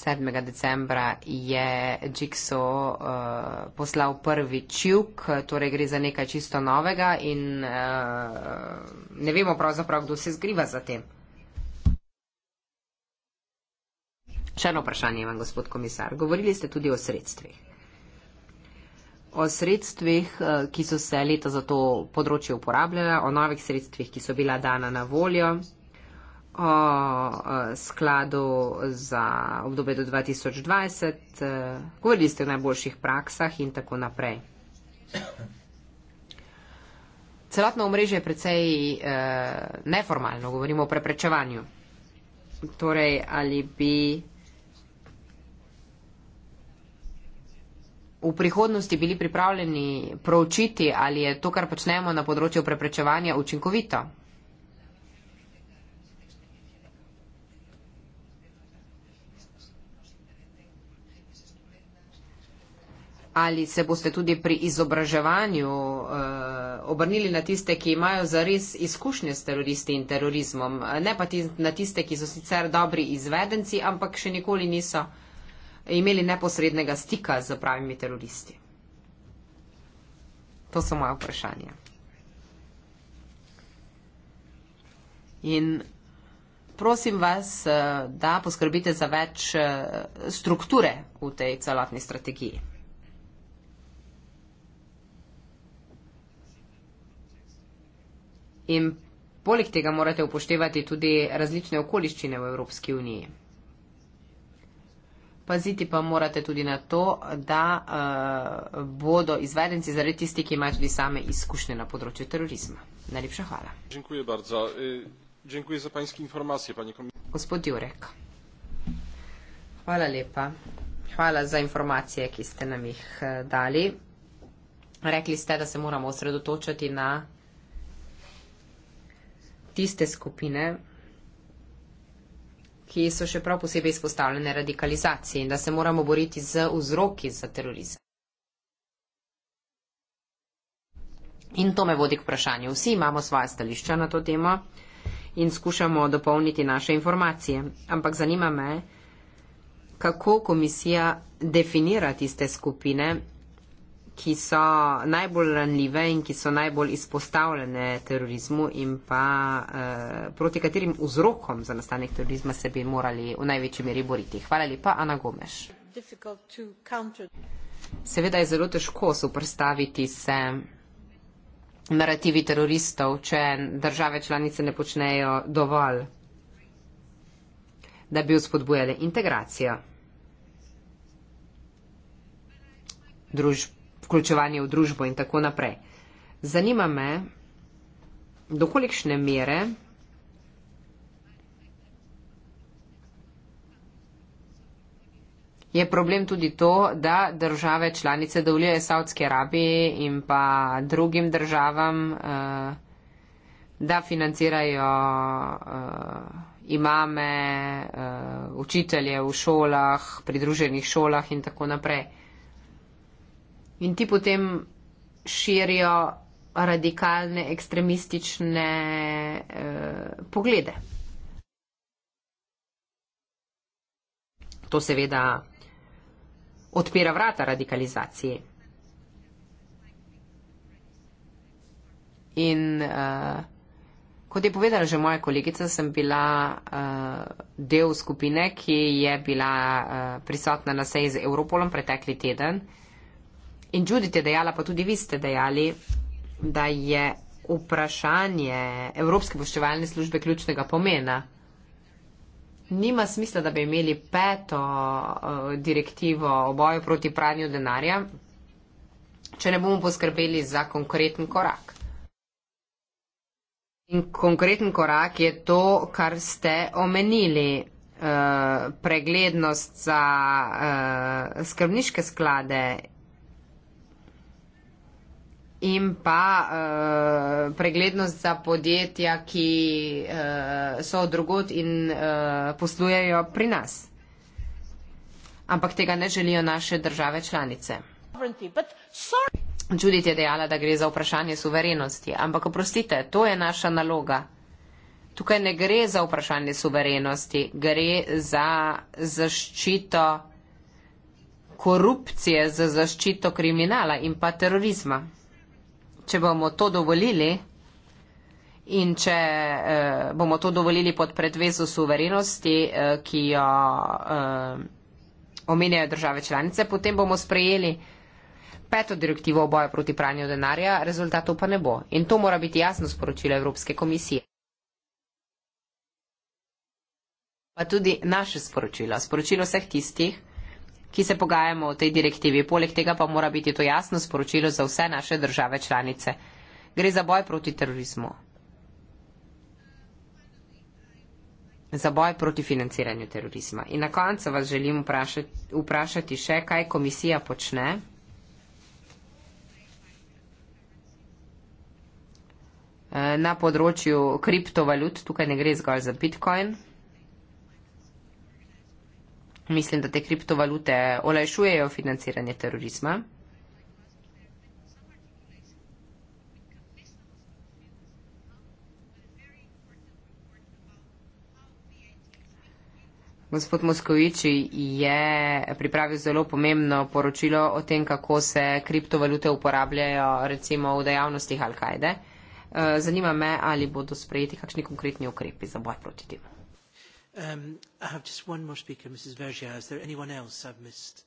7. decembra je Jigsaw uh, poslal prvi čuk, torej gre za nekaj čisto novega in uh, ne vemo pravzaprav, kdo se zgriva za tem. Še eno vprašanje imam, gospod komisar. Govorili ste tudi o sredstvih. O sredstvih, eh, ki so se leta za to področje uporabljala, o novih sredstvih, ki so bila dana na voljo o e, skladu za obdobje do 2020, e, govorili ste o najboljših praksah in tako naprej. Celotno omrežje je precej eh, neformalno, govorimo o preprečevanju. Torej, ali bi v prihodnosti bili pripravljeni proučiti, ali je to, kar počnemo na področju preprečevanja, učinkovito? ali se boste tudi pri izobraževanju uh, obrnili na tiste, ki imajo zares izkušnje s teroristi in terorizmom, ne pa na tiste, ki so sicer dobri izvedenci, ampak še nikoli niso imeli neposrednega stika z pravimi teroristi. To so moje vprašanje. In prosim vas, eh, da poskrbite za več eh, strukture v tej celotni strategiji. in poleg tega morate upoštevati tudi različne okoliščine v Evropski uniji. Paziti pa morate tudi na to, da uh, bodo izvedenci zaradi tisti, ki imajo tudi same izkušnje na področju terorizma. Najlepša hvala. Dziękuję bardzo. Dziękuję za pańskie informacje, pani komisar. Gospod Jurek. Hvala lepa. Hvala za informacije, ki ste nam jih eh, dali. Rekli ste, da se moramo osredotočati na tiste skupine, ki so še prav posebej izpostavljene radikalizaciji in da se moramo boriti z vzroki za terorizem. In to me vodi k vprašanju. Vsi imamo svoje stališča na to temo in skušamo dopolniti naše informacije. Ampak zanima me, kako komisija definira tiste skupine, ki so najbolj ranljive in ki so najbolj izpostavljene terorizmu in pa eh, proti katerim vzrokom za nastanek terorizma se bi morali v največji meri boriti. Hvala lepa, Ana Gomeš. Seveda je zelo težko soprstaviti se narativi teroristov, če države članice ne počnejo dovolj, da bi uspodbujale integracijo družb vključevanje v družbo in tako naprej. Zanima me, dokolikšne mere je problem tudi to, da države članice dovoljujejo Saudski Arabiji in pa drugim državam, eh, da financirajo eh, imame, eh, učitelje v šolah, pridruženih šolah in tako naprej in ti potem širijo radikalne, ekstremistične eh, poglede. To seveda odpira vrata radikalizaciji. In uh, kot je povedala že moja kolegica, sem bila uh, del skupine, ki je bila uh, prisotna na seji z Europolom pretekli teden, uh, In Judith je dejala, pa tudi vi ste dejali, da je vprašanje Evropske poščevalne službe ključnega pomena. Nima smisla, da bi imeli peto eh, direktivo o boju proti pranju denarja, če ne bomo poskrbeli za konkreten korak. In konkreten korak je to, kar ste omenili, eh, preglednost za eh, skrbniške sklade in pa uh, preglednost za podjetja, ki uh, so drugot in uh, poslujejo pri nas. Ampak tega ne želijo naše države članice. Judith je dejala, da gre za vprašanje suverenosti, ampak oprostite, to je naša naloga. Tukaj ne gre za vprašanje suverenosti, gre za zaščito korupcije, za zaščito kriminala in pa terorizma če bomo to dovolili in če eh, bomo to dovolili pod predvezo suverenosti, eh, ki jo eh, omenjajo države članice, potem bomo sprejeli peto direktivo o boju proti pranju denarja, rezultatov pa ne bo. In to mora biti jasno sporočilo Evropske komisije. Pa tudi naše sporočilo, sporočilo vseh tistih, ki se pogajamo o tej direktivi. Poleg tega pa mora biti to jasno sporočilo za vse naše države članice. Gre za boj proti terorizmu. Za boj proti financiranju terorizma. In na koncu vas želim vprašati, vprašati še, kaj komisija počne. Eh, na področju kriptovalut, tukaj ne gre zgolj za bitcoin. Mislim, da te kriptovalute olajšujejo financiranje terorizma. Gospod Moskoviči je pripravil zelo pomembno poročilo o tem, kako se kriptovalute uporabljajo recimo v dejavnostih Al-Kaide. Eh, zanima me, ali bodo sprejeti kakšni konkretni ukrepi za boj proti temu. Um, I have just one more speaker, Mrs. Vergia. Is there anyone else I've missed?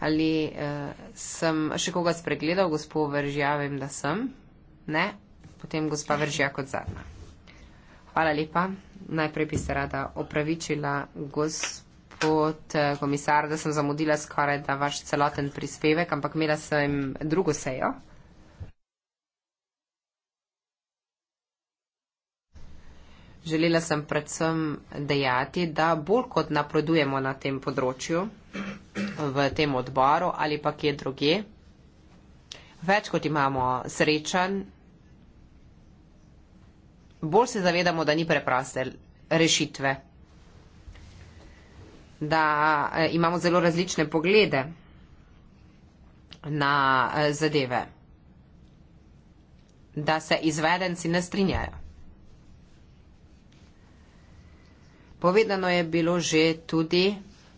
Ali uh, sem še koga spregledal, gospod Veržija, vem, da sem. Ne, potem gospa Veržija kot zadnja. Hvala lepa. Najprej bi se rada opravičila, gospod eh, komisar, da sem zamudila skoraj da vaš celoten prispevek, ampak imela sem drugo sejo. Želela sem predvsem dejati, da bolj kot napredujemo na tem področju, v tem odboru ali pa kje druge, več kot imamo srečan, bolj se zavedamo, da ni preproste rešitve, da e, imamo zelo različne poglede na e, zadeve, da se izvedenci ne strinjajo. Povedano je bilo že tudi,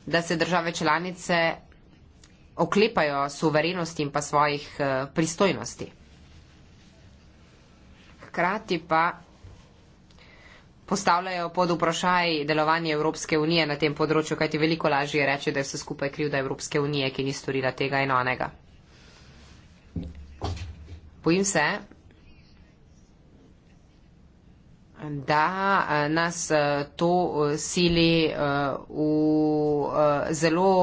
da se države članice oklepajo suverenosti in pa svojih eh, pristojnosti. Hkrati pa postavljajo pod vprašaj delovanje Evropske unije na tem področju, kajti veliko lažje je reči, da je vse skupaj krivda Evropske unije, ki ni storila tega in onega. Bojim se, da nas to sili v zelo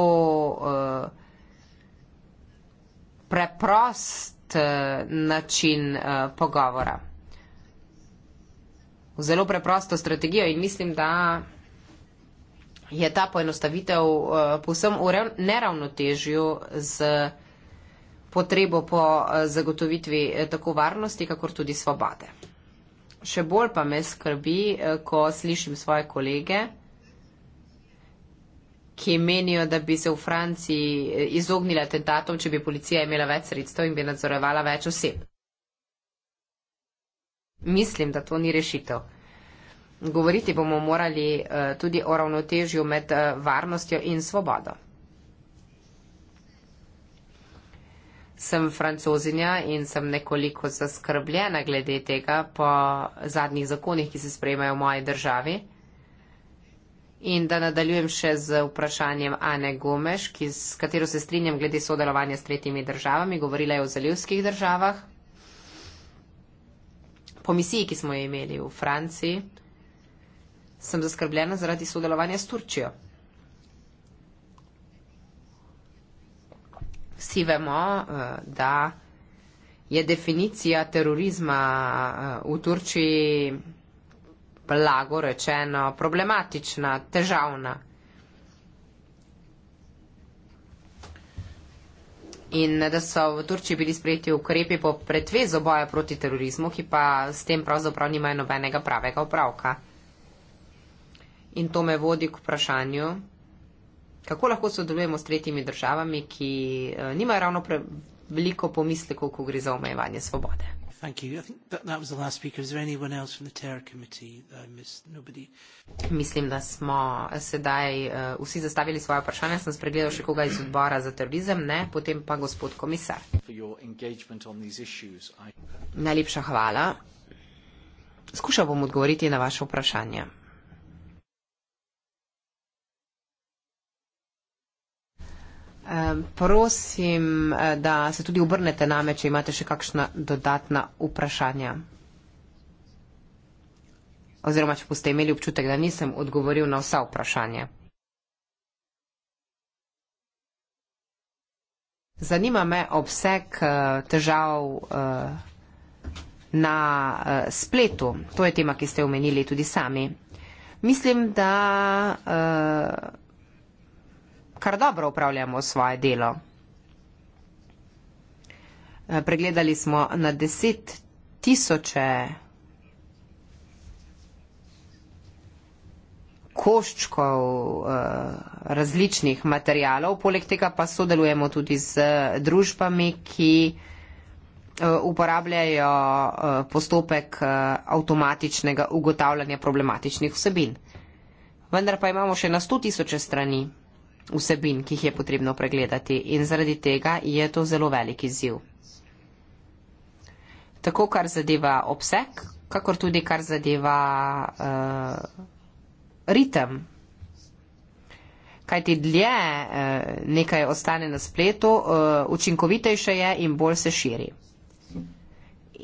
preprost način pogovora. V zelo preprosto strategijo in mislim, da je ta poenostavitev povsem v neravnotežju z potrebo po zagotovitvi tako varnosti, kakor tudi svobode. Še bolj pa me skrbi, eh, ko slišim svoje kolege, ki menijo, da bi se v Franciji eh, izognila tentatom, če bi policija imela več sredstev in bi nadzorovala več oseb. Mislim, da to ni rešitev. Govoriti bomo morali eh, tudi o ravnotežju med varnostjo in svobodo. sem francozinja in sem nekoliko zaskrbljena glede tega po zadnjih zakonih, ki se sprejmajo v moji državi. In da nadaljujem še z vprašanjem Ane Gomeš, ki, s katero se strinjam glede sodelovanja s tretjimi državami. Govorila je o zalivskih državah. Po misiji, ki smo jo imeli v Franciji, sem zaskrbljena zaradi sodelovanja s Turčijo. vsi vemo, eh, da je definicija terorizma eh, v Turčiji blago rečeno problematična, težavna. In da so v Turčiji bili sprejeti ukrepi po pretvezo boja proti terorizmu, ki pa s tem pravzaprav nimajo nobenega pravega opravka. In to me vodi k vprašanju, kako lahko sodelujemo s tretjimi državami, ki eh, nimajo ravno pre, veliko pomisleko, ko gre za omejevanje svobode. Uh, Mislim, da smo eh, sedaj uh, vsi zastavili svoje vprašanje. Sem spregledal še koga iz odbora za terorizem, ne, potem pa gospod komisar. Najlepša hvala. Skušal bom odgovoriti na vaše vprašanje. prosim, eh, da se tudi obrnete name, če imate še kakšna dodatna vprašanja. Oziroma, če boste imeli občutek, da nisem odgovoril na vsa vprašanja. Zanima me obseg eh, težav eh, na spletu. To je tema, ki ste omenili tudi sami. Mislim, da kar dobro upravljamo svoje delo. E, pregledali smo na deset tisoče koščkov e, različnih materijalov, poleg tega pa sodelujemo tudi z družbami, ki e, uporabljajo postopek avtomatičnega ugotavljanja problematičnih vsebin. Vendar pa imamo še na sto tisoče strani vsebin, ki jih je potrebno pregledati in zaradi tega je to zelo velik izziv. Tako kar zadeva obseg, kakor tudi kar zadeva uh, ritem. Kaj ti dlje uh, nekaj ostane na spletu, uh, učinkovitejše je in bolj se širi.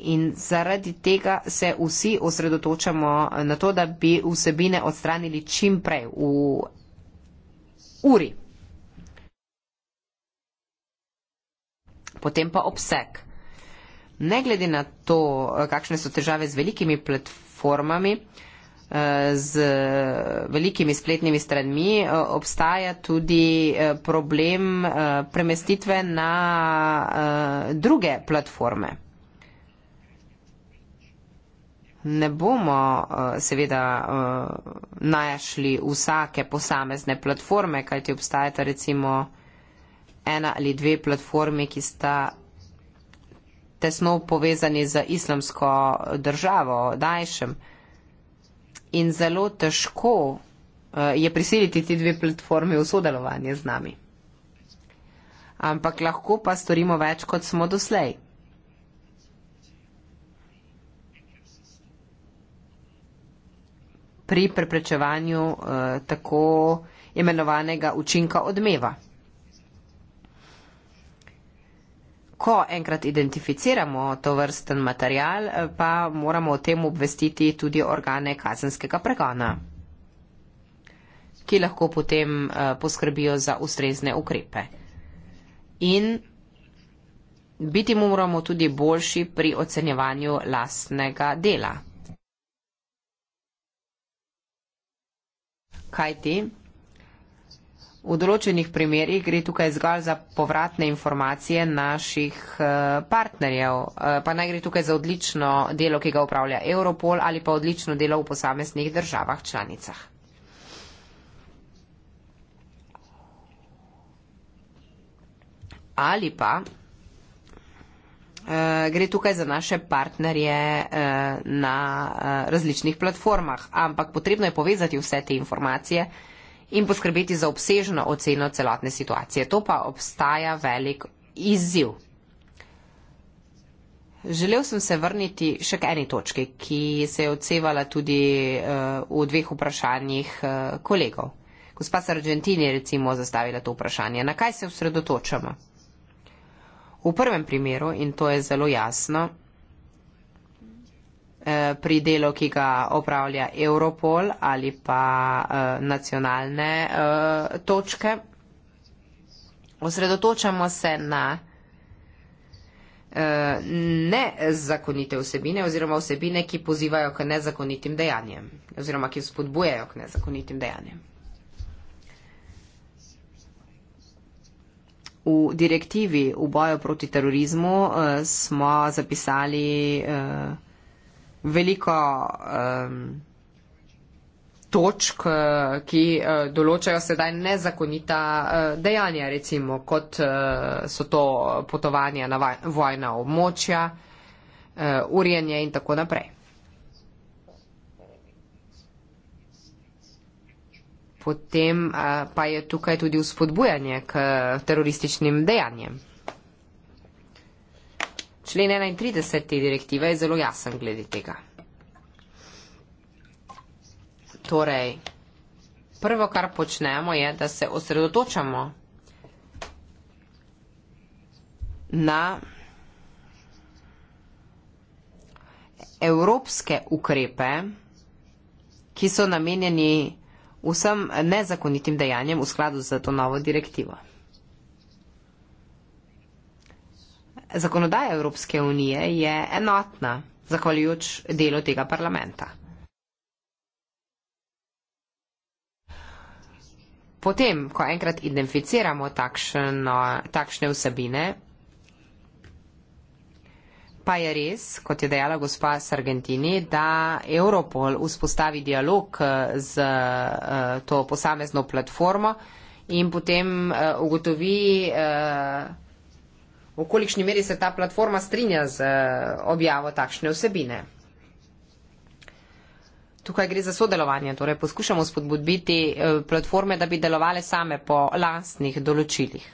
In zaradi tega se vsi osredotočamo na to, da bi vsebine odstranili čim prej, v uri. Potem pa obseg. Ne glede na to, kakšne so težave z velikimi platformami, eh, z velikimi spletnimi stranmi, eh, obstaja tudi eh, problem premestitve na druge platforme ne bomo eh, seveda eh, našli vsake posamezne platforme, kajti obstajata recimo ena ali dve platformi, ki sta tesno povezani z islamsko državo, Dajšem. In zelo težko eh, je prisiliti ti dve platformi v sodelovanje z nami. Ampak lahko pa storimo več, kot smo doslej. pri preprečevanju uh, tako imenovanega učinka odmeva. Ko enkrat identificiramo to vrsten material, eh, pa moramo o tem obvestiti tudi organe kazenskega pregona, ki lahko potem eh, poskrbijo za ustrezne ukrepe. In biti moramo tudi boljši pri ocenjevanju lastnega dela. kajti v določenih primerjih gre tukaj zgolj za povratne informacije naših eh, partnerjev, eh, pa naj gre tukaj za odlično delo, ki ga upravlja Europol ali pa odlično delo v posameznih državah članicah. Ali pa Eh, gre tukaj za naše partnerje eh, na eh, različnih platformah. Ampak potrebno je povezati vse te informacije in poskrbeti za obsežno oceno celotne situacije. To pa obstaja velik izziv. Želel sem se vrniti še k eni točki, ki se je odsevala tudi v dveh vprašanjih kolegov. Gospa Sargentini je recimo zastavila to vprašanje. Na kaj se osredotočamo? V prvem primeru, in to je zelo jasno, eh, pri delu, ki ga opravlja Europol ali pa eh, nacionalne eh, točke, osredotočamo se na nezakonite vsebine oziroma vsebine, ki pozivajo k nezakonitim dejanjem oziroma ki spodbujajo k nezakonitim dejanjem. V direktivi v boju proti terorizmu uh, smo zapisali uh, veliko um, točk, uh, ki uh, določajo sedaj nezakonita uh, dejanja, recimo kot uh, so to potovanja na vojna območja, uh, urjenje in tako naprej. potem pa je tukaj tudi vzpodbujanje k terorističnim dejanjem. Člen 31 te direktive je zelo jasen glede tega. Torej, prvo, kar počnemo, je, da se osredotočamo na evropske ukrepe, ki so namenjeni vsem nezakonitim dejanjem v skladu z to novo direktivo. Zakonodaja Evropske unije je enotna, zahvaljujoč delo tega parlamenta. Potem, ko enkrat identificiramo takšno, takšne vsebine, pa je res, kot je dejala gospa Sargentini, da Europol vzpostavi dialog eh, z eh, to posamezno platformo in potem eh, ugotovi, v kolikšni meri se ta platforma strinja z objavo takšne vsebine. Tukaj gre za sodelovanje, torej poskušamo spodbuditi platforme, da bi delovale same po lastnih določilih.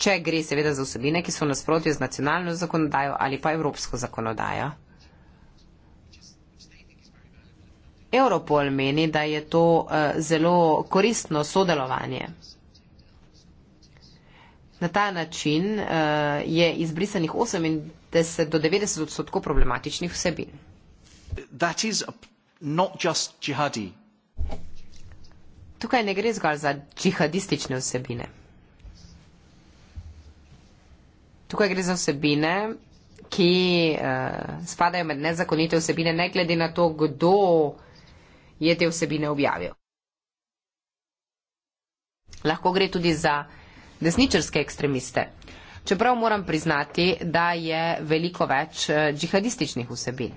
če gre seveda za vsebine, ki so v nasprotju z nacionalno zakonodajo ali pa evropsko zakonodajo. Europol meni, da je to eh, zelo koristno sodelovanje. Na ta način eh, je izbrisanih 80 do 90 odstotkov problematičnih vsebin. Tukaj ne gre zgolj za džihadistične vsebine. Tukaj gre za vsebine, ki uh, spadajo med nezakonite vsebine, ne glede na to, kdo je te vsebine objavil. Lahko gre tudi za desničarske ekstremiste. Čeprav moram priznati, da je veliko več eh, džihadističnih vsebin.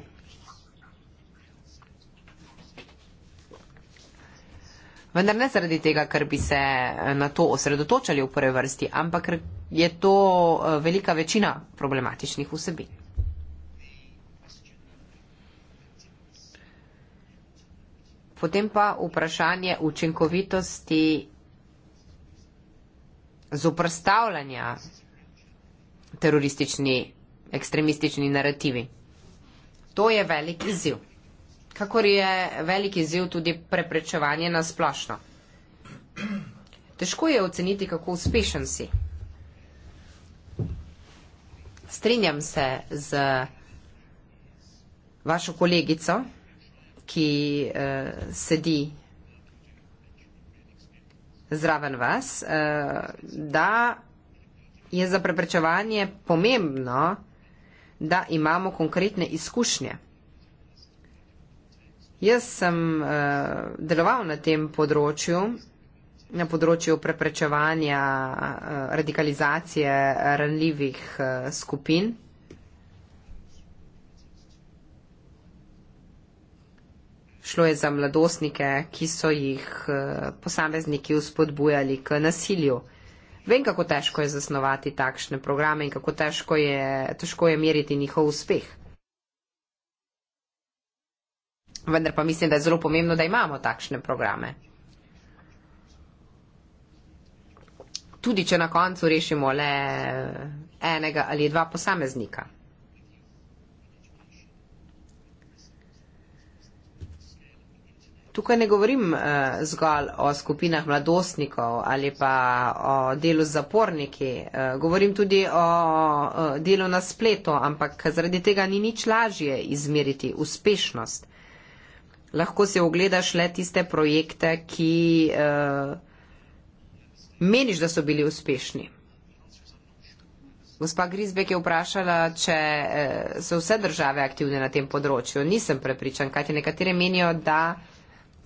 vendar ne zaradi tega, ker bi se eh, na to osredotočali v prvi vrsti, ampak je to eh, velika večina problematičnih vsebin. Potem pa vprašanje učinkovitosti zoprstavljanja teroristični, ekstremistični narativi. To je velik izziv kakor je veliki ziv tudi preprečevanje na splošno. Težko je oceniti, kako uspešen si. Strinjam se z vašo kolegico, ki uh, sedi zraven vas, uh, da je za preprečevanje pomembno, da imamo konkretne izkušnje. Jaz sem uh, deloval na tem področju, na področju preprečevanja uh, radikalizacije ranljivih uh, skupin. Šlo je za mladostnike, ki so jih uh, posamezniki uspodbujali k nasilju. Vem, kako težko je zasnovati takšne programe in kako težko je, težko je meriti njihov uspeh vendar pa mislim, da je zelo pomembno, da imamo takšne programe. Tudi, če na koncu rešimo le enega ali dva posameznika. Tukaj ne govorim eh, zgolj o skupinah mladostnikov ali pa o delu z zaporniki, eh, govorim tudi o eh, delu na spletu, ampak zaradi tega ni nič lažje izmeriti uspešnost lahko si ogledaš le tiste projekte, ki uh, meniš, da so bili uspešni. Gospa Grisbek je vprašala, če uh, so vse države aktivne na tem področju. Nisem prepričan, kajti nekatere menijo, da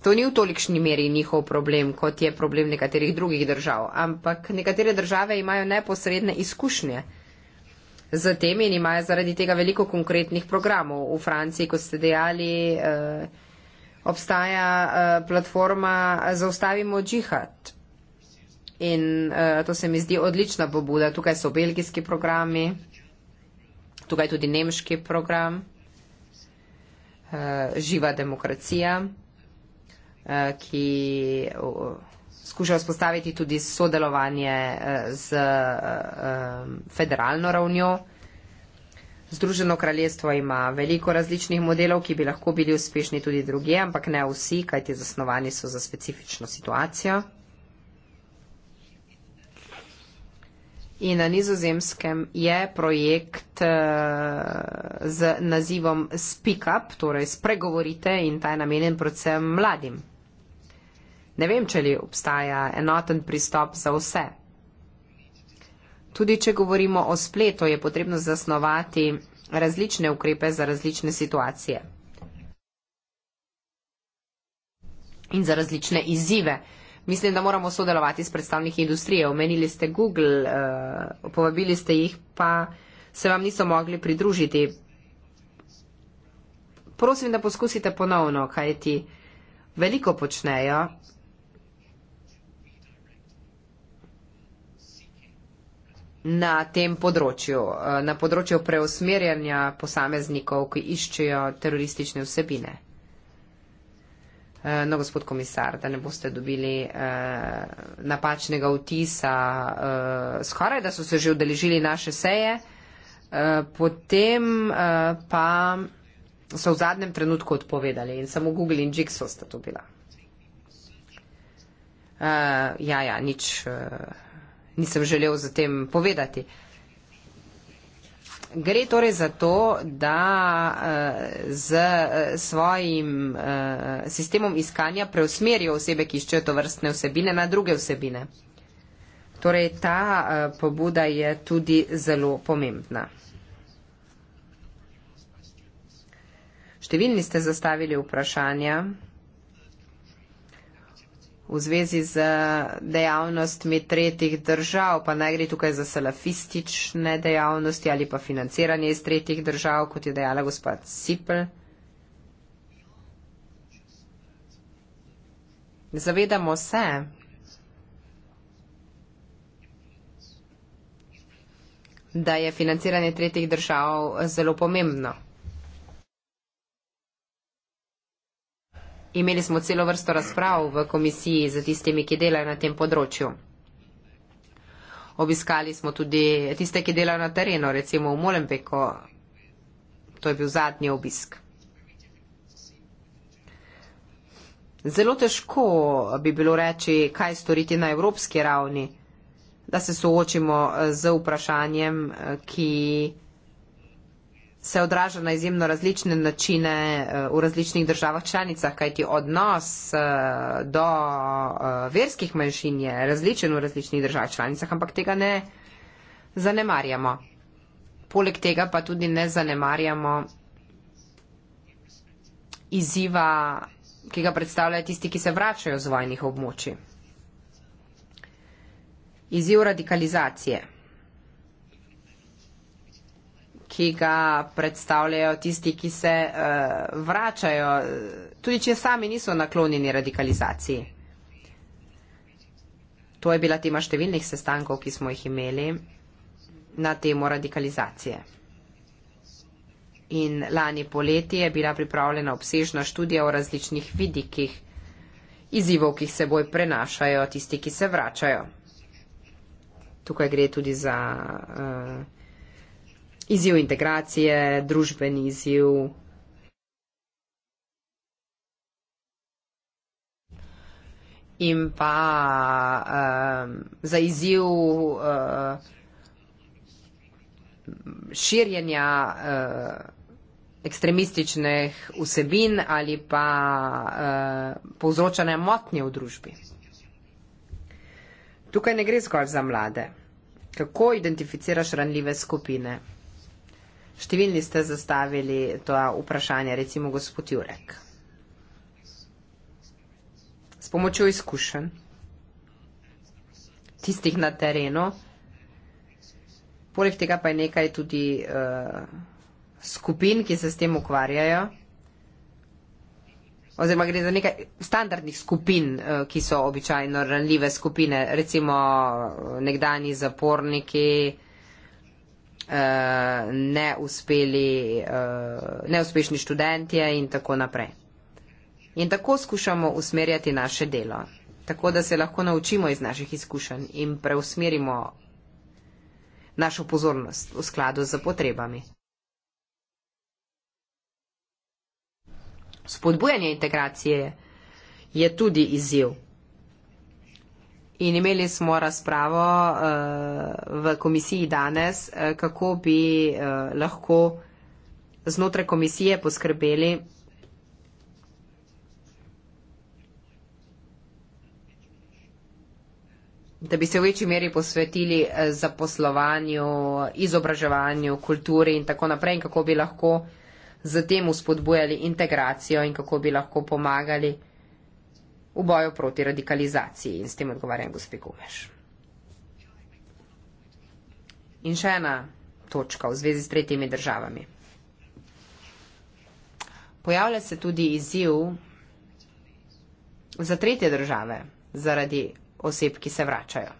to ni v tolikšni meri njihov problem, kot je problem nekaterih drugih držav. Ampak nekatere države imajo neposredne izkušnje. Zatem in imajo zaradi tega veliko konkretnih programov. V Franciji, kot ste dejali, eh, obstaja uh, platforma Zaustavimo džihad. In uh, to se mi zdi odlična pobuda. Tukaj so belgijski programi, tukaj tudi nemški program, uh, živa demokracija, uh, ki uh, skuša vzpostaviti tudi sodelovanje uh, z uh, federalno ravnjo. Uh, Združeno kraljestvo ima veliko različnih modelov, ki bi lahko bili uspešni tudi druge, ampak ne vsi, kajti zasnovani so za specifično situacijo. In na nizozemskem je projekt eh, z nazivom Speak Up, torej spregovorite in ta je namenjen predvsem mladim. Ne vem, če li obstaja enoten pristop za vse. Tudi če govorimo o spletu, je potrebno zasnovati različne ukrepe za različne situacije in za različne izzive. Mislim, da moramo sodelovati s predstavniki industrije. Omenili ste Google, eh, povabili ste jih, pa se vam niso mogli pridružiti. Prosim, da poskusite ponovno, kajti veliko počnejo na tem področju, eh, na področju preusmerjanja posameznikov, ki iščejo teroristične vsebine? Eh, no, gospod komisar, da ne boste dobili eh, napačnega vtisa, eh, skoraj da so se že udeležili naše seje, eh, potem eh, pa so v zadnjem trenutku odpovedali in samo Google in Jigsaw sta to bila. Eh, ja, ja, nič. Eh, nisem želel zatem povedati. Gre torej za to, da eh, z eh, svojim eh, sistemom iskanja preusmerijo osebe, ki iščejo to vrstne vsebine, na druge vsebine. Torej, ta pobuda je tudi zelo pomembna. Številni ste zastavili vprašanja v zvezi z dejavnostmi tretjih držav, pa naj gre tukaj za salafistične dejavnosti ali pa financiranje iz tretjih držav, kot je dejala gospod Sipl. Zavedamo se, da je financiranje tretjih držav zelo pomembno. Imeli smo celo vrsto razprav v komisiji z tistimi, ki delajo na tem področju. Obiskali smo tudi tiste, ki delajo na terenu, recimo v Molenbeku. To je bil zadnji obisk. Zelo težko bi bilo reči, kaj storiti na evropski ravni, da se soočimo z vprašanjem, ki se odraža na izjemno različne načine eh, v različnih državah članicah, kajti odnos eh, do eh, verskih manjšin je različen v različnih državah članicah, ampak tega ne zanemarjamo. Poleg tega pa tudi ne zanemarjamo izziva, ki ga predstavljajo tisti, ki se vračajo z vojnih območij. Izziv radikalizacije ki ga predstavljajo tisti, ki se uh, vračajo, tudi če sami niso naklonjeni radikalizaciji. To je bila tema številnih sestankov, ki smo jih imeli na temo radikalizacije. In lani poleti je bila pripravljena obsežna študija o različnih vidikih izzivov, ki seboj prenašajo tisti, ki se vračajo. Tukaj gre tudi za. Uh, izziv integracije, družbeni izziv. In pa um, za izziv uh, širjenja uh, ekstremističnih vsebin ali pa uh, povzročanja motnje v družbi. Tukaj ne gre zgolj za mlade. Kako identificiraš ranljive skupine? Številni ste zastavili to vprašanje, recimo gospod Jurek. S pomočjo izkušenj tistih na terenu, poleg tega pa je nekaj tudi uh, skupin, ki se s tem ukvarjajo, oziroma gre za nekaj standardnih skupin, uh, ki so običajno ranljive skupine, recimo nekdani zaporniki, uh, Eh, neuspeli, uh, neuspešni študentje in tako naprej. In tako skušamo usmerjati naše delo, tako da se lahko naučimo iz naših izkušenj in preusmerimo našo pozornost v skladu z potrebami. Spodbujanje integracije je tudi izziv. In imeli smo razpravo uh, v komisiji danes, eh, kako bi uh, lahko znotraj komisije poskrbeli, da bi se v večji meri posvetili zaposlovanju, izobraževanju, kulturi in tako naprej, in kako bi lahko z tem uspodbujali integracijo in kako bi lahko pomagali uh, v boju proti radikalizaciji. In s tem odgovarjam gospe Gomeš. In še ena točka v zvezi s tretjimi državami. Pojavlja se tudi izziv za tretje države zaradi oseb, ki se vračajo.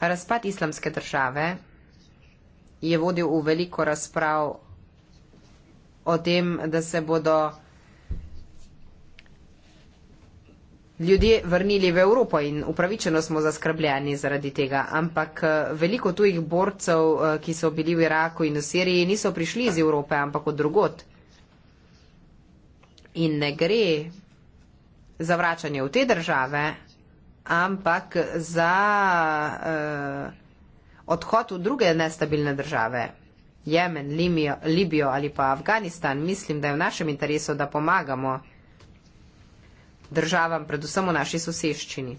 Razpad islamske države je vodil v veliko razprav o tem, da se bodo ljudje vrnili v Evropo in upravičeno smo zaskrbljeni zaradi tega. Ampak eh, veliko tujih borcev, eh, ki so bili v Iraku in v Siriji, niso prišli iz Evrope, ampak od drugot. In ne gre za vračanje v te države, ampak za eh, odhod v druge nestabilne države. Jemen, Libijo ali pa Afganistan, mislim, da je v našem interesu, da pomagamo državam, predvsem v naši soseščini.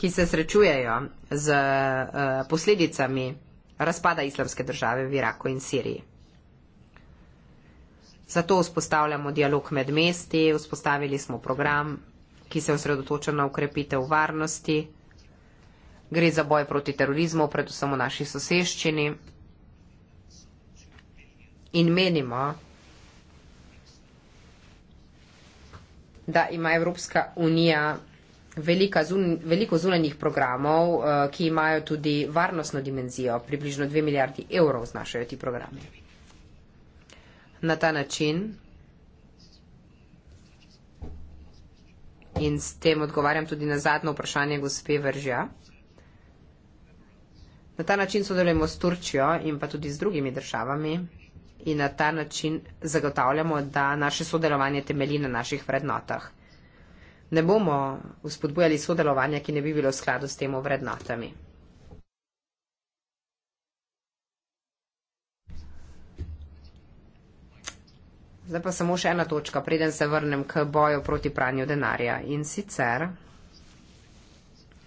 ki se srečujejo z uh, posledicami razpada islamske države v Iraku in Siriji. Zato vzpostavljamo dialog med mesti, vzpostavili smo program, ki se osredotoča na ukrepitev varnosti, gre za boj proti terorizmu, predvsem v naši soseščini in menimo, da ima Evropska unija velika zun, veliko zunanjih programov, eh, ki imajo tudi varnostno dimenzijo. Približno 2 milijardi evrov znašajo ti programi. Na ta način in s tem odgovarjam tudi na zadnjo vprašanje gospe Vržja. Na ta način sodelujemo s Turčijo in pa tudi z drugimi državami in na ta način zagotavljamo, da naše sodelovanje temelji na naših vrednotah. Ne bomo vzpodbujali sodelovanja, ki ne bi bilo v skladu s temo vrednotami. Zdaj pa samo še ena točka, preden se vrnem k boju proti pranju denarja. In sicer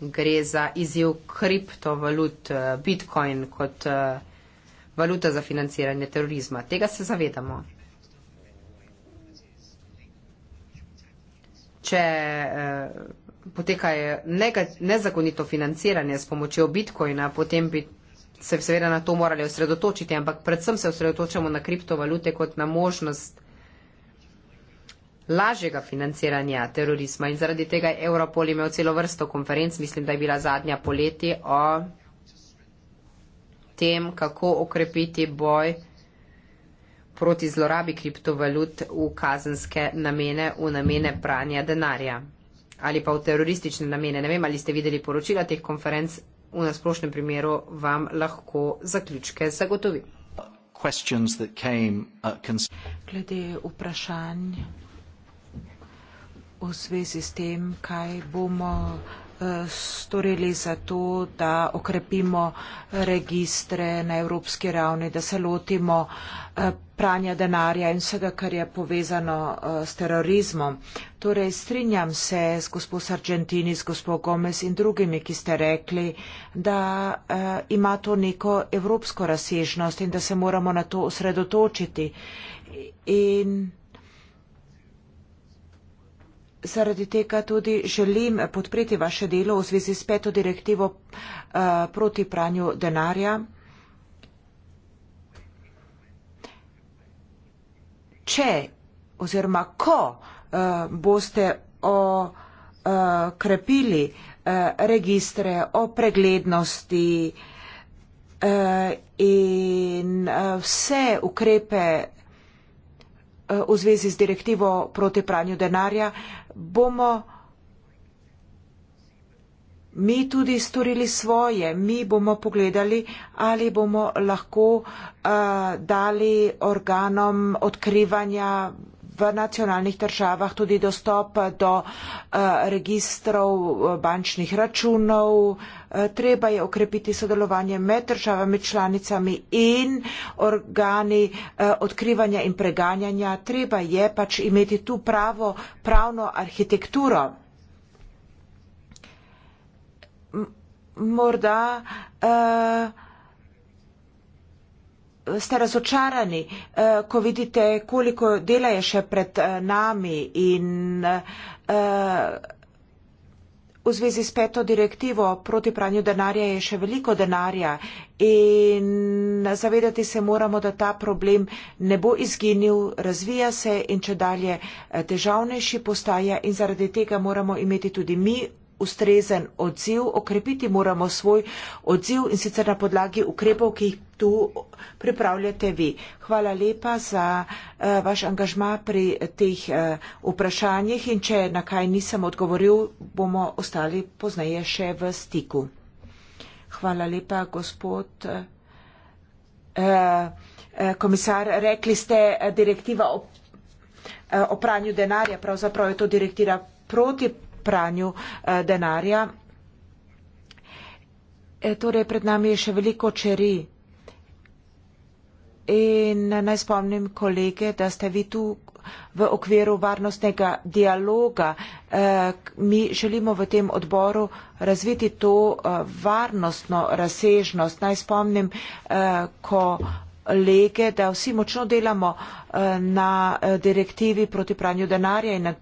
gre za izjiv kriptovalut, eh, bitcoin kot. Uh, valuta za financiranje terorizma. Tega se zavedamo. Če eh, poteka nezakonito financiranje s pomočjo bitcoina, potem bi se seveda na to morali osredotočiti, ampak predvsem se osredotočamo na kriptovalute kot na možnost lažjega financiranja terorizma. In zaradi tega je Europol imel celo vrsto konferenc, mislim, da je bila zadnja poleti o tem, kako okrepiti boj proti zlorabi kriptovalut v kazenske namene, v namene pranja denarja ali pa v teroristične namene. Ne vem, ali ste videli poročila teh konferenc, v nasplošnem primeru vam lahko zaključke zagotovi. Uh, Glede vprašanj v zvezi s tem, kaj bomo. Eh, storili za to, da okrepimo registre na evropski ravni, da se lotimo eh, pranja denarja in vsega, kar je povezano eh, s terorizmom. Torej, strinjam se s gospod Sargentini, s gospod Gomez in drugimi, ki ste rekli, da ima to neko evropsko razsežnost in da se moramo na to osredotočiti. In zaradi tega tudi želim podpreti vaše delo v zvezi s peto direktivo eh, proti pranju denarja. Če oziroma ko eh, boste okrepili eh, registre o preglednosti in vse ukrepe v zvezi z direktivo proti pranju denarja, bomo mi tudi storili svoje. Mi bomo pogledali, ali bomo lahko uh, dali organom odkrivanja v nacionalnih državah tudi dostop do eh, registrov eh, bančnih računov. Eh, treba je okrepiti sodelovanje med državami članicami in organi odkrivanja in preganjanja. Treba je pač imeti tu pravo, pravno arhitekturo. Morda uh, ste razočarani, eh, ko vidite, koliko dela je še pred eh, nami in eh, v zvezi s peto direktivo proti pranju denarja je še veliko denarja in zavedati se moramo, da ta problem ne bo izginil, razvija se in če dalje težavnejši postaja in zaradi tega moramo imeti tudi mi ustrezen odziv, okrepiti moramo svoj odziv in sicer na podlagi ukrepov, ki jih tu pripravljate vi. Hvala lepa za uh, vaš angažma pri teh uh, vprašanjih in če na kaj nisem odgovoril, bomo ostali poznaje še v stiku. Hvala lepa, gospod. Uh, Komisar, rekli ste direktiva o, o pranju denarja, pravzaprav je to direktiva proti pranju eh, denarja. E, torej, pred nami je še veliko čeri. In naj spomnim kolege, da ste vi tu v okviru varnostnega dialoga. E, mi želimo v tem odboru razviti to e, varnostno razsežnost. Naj spomnim kolege, da vsi močno delamo na direktivi proti pranju denarja in na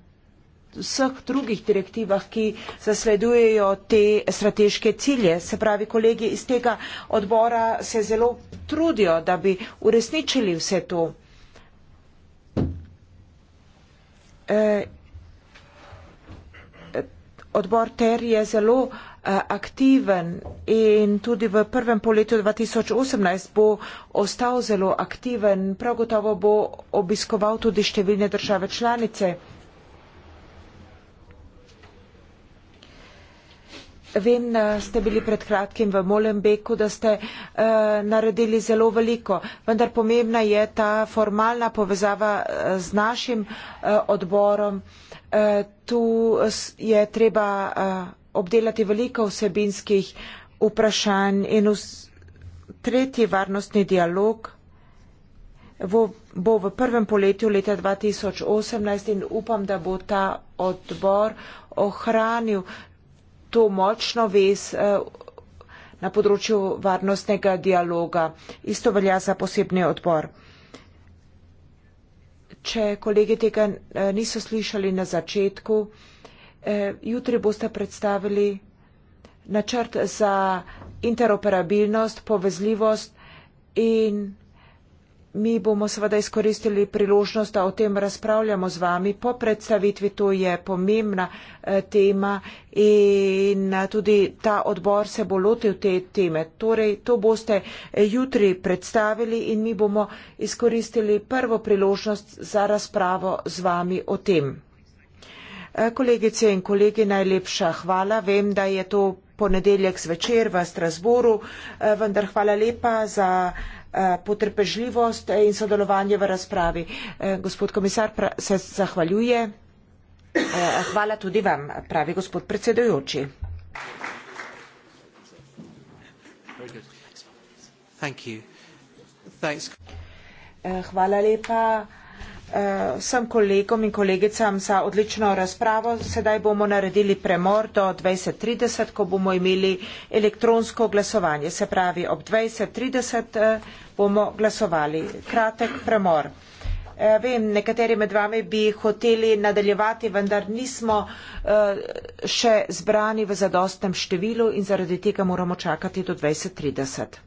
vseh drugih direktivah, ki zasledujejo te strateške cilje. Se pravi, kolegi iz tega odbora se zelo trudijo, da bi uresničili vse to. E, odbor TER je zelo e, aktiven in tudi v prvem poletju 2018 bo ostal zelo aktiven. Prav gotovo bo obiskoval tudi številne države članice. Vem, da ste bili pred kratkim v Molenbeku, da ste uh, naredili zelo veliko, vendar pomembna je ta formalna povezava eh, z našim uh, odborom. Uh, tu je treba uh, obdelati veliko vsebinskih vprašanj in vz... tretji varnostni dialog bo, bo v prvem poletju leta 2018 in upam, da bo ta odbor ohranil to močno vez eh, na področju varnostnega dialoga. Isto velja za posebni odbor. Če kolege tega eh, niso slišali na začetku, eh, jutri boste predstavili načrt za interoperabilnost, povezljivost in Mi bomo seveda izkoristili priložnost, da o tem razpravljamo z vami po predstavitvi. To je pomembna eh, tema in eh, tudi ta odbor se bo lotil te teme. Torej, to boste eh, jutri predstavili in mi bomo izkoristili prvo priložnost za razpravo z vami o tem. Kolegice in kolegi, najlepša hvala. Vem, da je to ponedeljek zvečer v Strasboru, vendar hvala lepa za. Eh, potrpežljivost in sodelovanje v razpravi. Eh, gospod komisar se zahvaljuje. Eh, hvala tudi vam, pravi gospod predsedujoči. Thanks. Hvala lepa vsem kolegom in kolegicam za odlično razpravo. Sedaj bomo naredili premor do 20.30, ko bomo imeli elektronsko glasovanje. Se pravi, ob 20.30 eh, bomo glasovali. Kratek premor. Eh, vem, nekateri med vami bi hoteli nadaljevati, vendar nismo eh, še zbrani v zadostnem številu in zaradi tega moramo čakati do 20.30.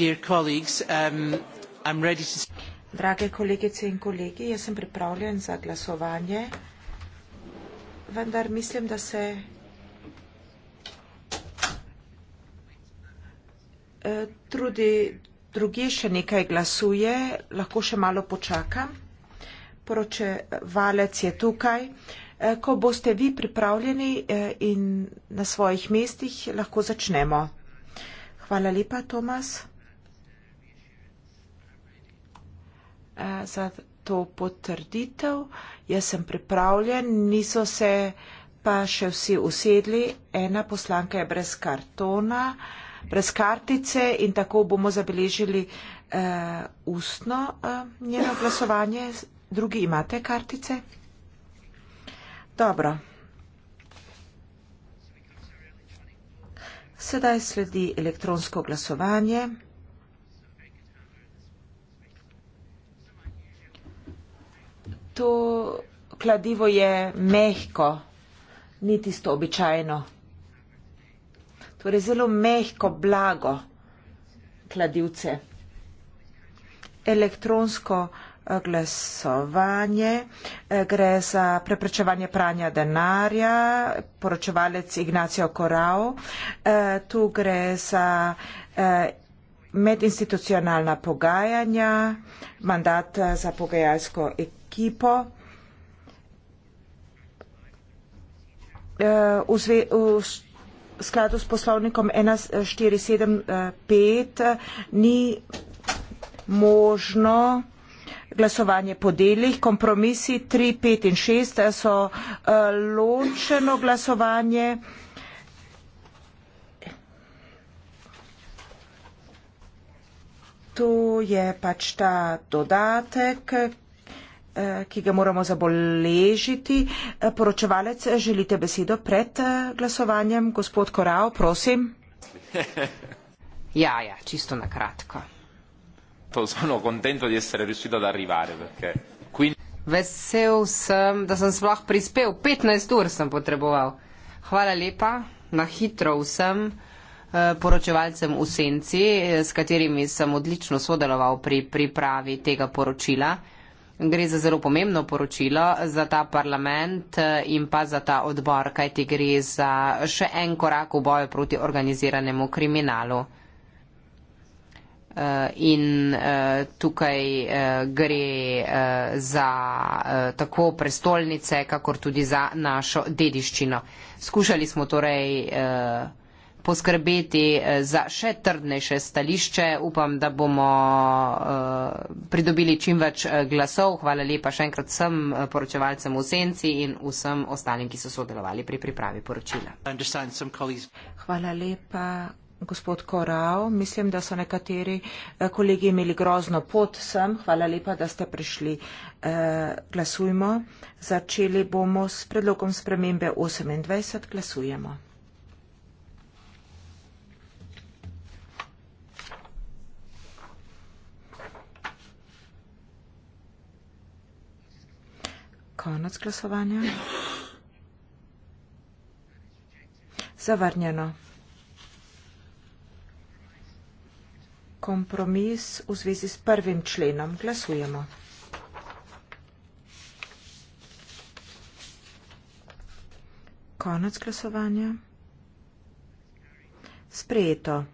Um, Drage kolegice in kolegi, jaz sem pripravljen za glasovanje, vendar mislim, da se eh, tudi drugi še nekaj glasuje, lahko še malo počakam. Poročevalec je tukaj. Eh, ko boste vi pripravljeni eh, in na svojih mestih, lahko začnemo. Hvala lepa, Tomas. eh, za to potrditev. Jaz sem pripravljen, niso se pa še vsi usedli. Ena poslanka je brez kartona, brez kartice in tako bomo zabeležili eh, ustno eh, njeno glasovanje. Drugi imate kartice? Dobro. Sedaj sledi elektronsko glasovanje. to kladivo je mehko, ni tisto običajno. Torej zelo mehko, blago kladivce. Elektronsko eh, glasovanje eh, gre za preprečevanje pranja denarja, poročevalec Ignacio Korao. Eh, tu gre za medinstitucionalna pogajanja, mandat eh, za pogajalsko ekipo. Eh, v, zve, v skladu s poslovnikom 1475 eh, ni možno glasovanje po delih. Kompromisi 3, 5 in 6 so ločeno glasovanje. tu je pač ta dodatek, eh, ki ga moramo zaboležiti. Eh, poročevalec, želite besedo pred eh, glasovanjem? Gospod Korao, prosim. ja, ja, čisto na kratko. Vesel sem, da sem sploh prispel. 15 ur sem potreboval. Hvala lepa, na hitro vsem. Eh, poročevalcem v senci, eh, s katerimi sem odlično sodeloval pri pripravi tega poročila. Gre za zelo pomembno poročilo za ta parlament eh, in pa za ta odbor, kajti gre za še en korak v boju proti organiziranemu kriminalu. In tukaj gre za tako prestolnice, kakor tudi za našo dediščino. Skušali smo torej poskrbeti eh, za še trdnejše stališče. Upam, da bomo eh, pridobili čim več eh, glasov. Hvala lepa še enkrat vsem poročevalcem v Senci in vsem ostalim, ki so sodelovali pri pripravi poročila. Hvala lepa. Gospod Korao, mislim, da so nekateri kolegi imeli grozno pot sem. Hvala lepa, da ste prišli. E, glasujmo. Začeli bomo s predlogom spremembe 28. Glasujemo. konec glasovanja. Zavrnjeno. Kompromis v zvezi s prvim členom. Glasujemo. Konec glasovanja. Sprejeto.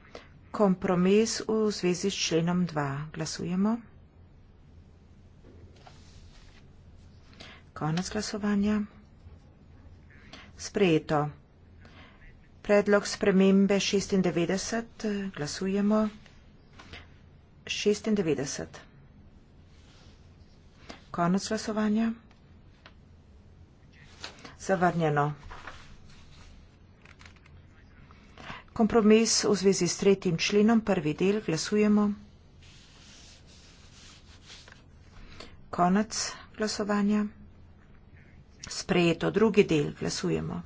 Kompromis v zvezi s členom 2. Glasujemo. Konec glasovanja. Sprejeto. Predlog spremembe 96. Glasujemo. 96. Konec glasovanja. Zavrnjeno. Kompromis v zvezi s tretjim členom, prvi del, glasujemo. Konec glasovanja. Sprejeto. Drugi del. Glasujemo.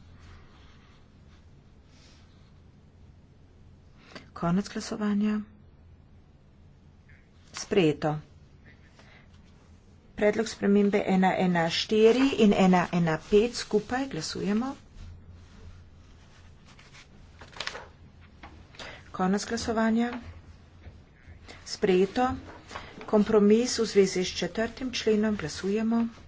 Konec glasovanja. Sprejeto. Predlog spremembe 1.1.4 in 1.1.5 skupaj. Glasujemo. Konec glasovanja. Sprejeto. Kompromis v zvezi s četrtim členom. Glasujemo. Glasujemo.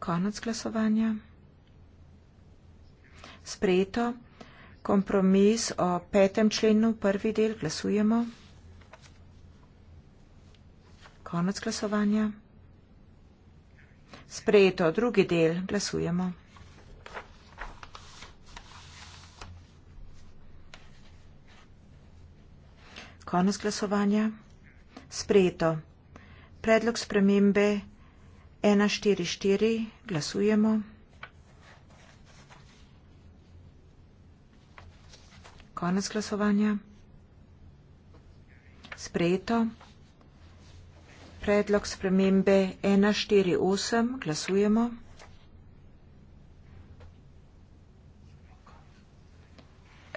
konec glasovanja. Sprejeto. Kompromis o petem členu, prvi del, glasujemo. Konec glasovanja. Sprejeto, drugi del, glasujemo. Konec glasovanja. Sprejeto. Predlog spremembe ena, štiri, štiri, glasujemo. Konec glasovanja. Sprejeto. Predlog spremembe 148. Glasujemo.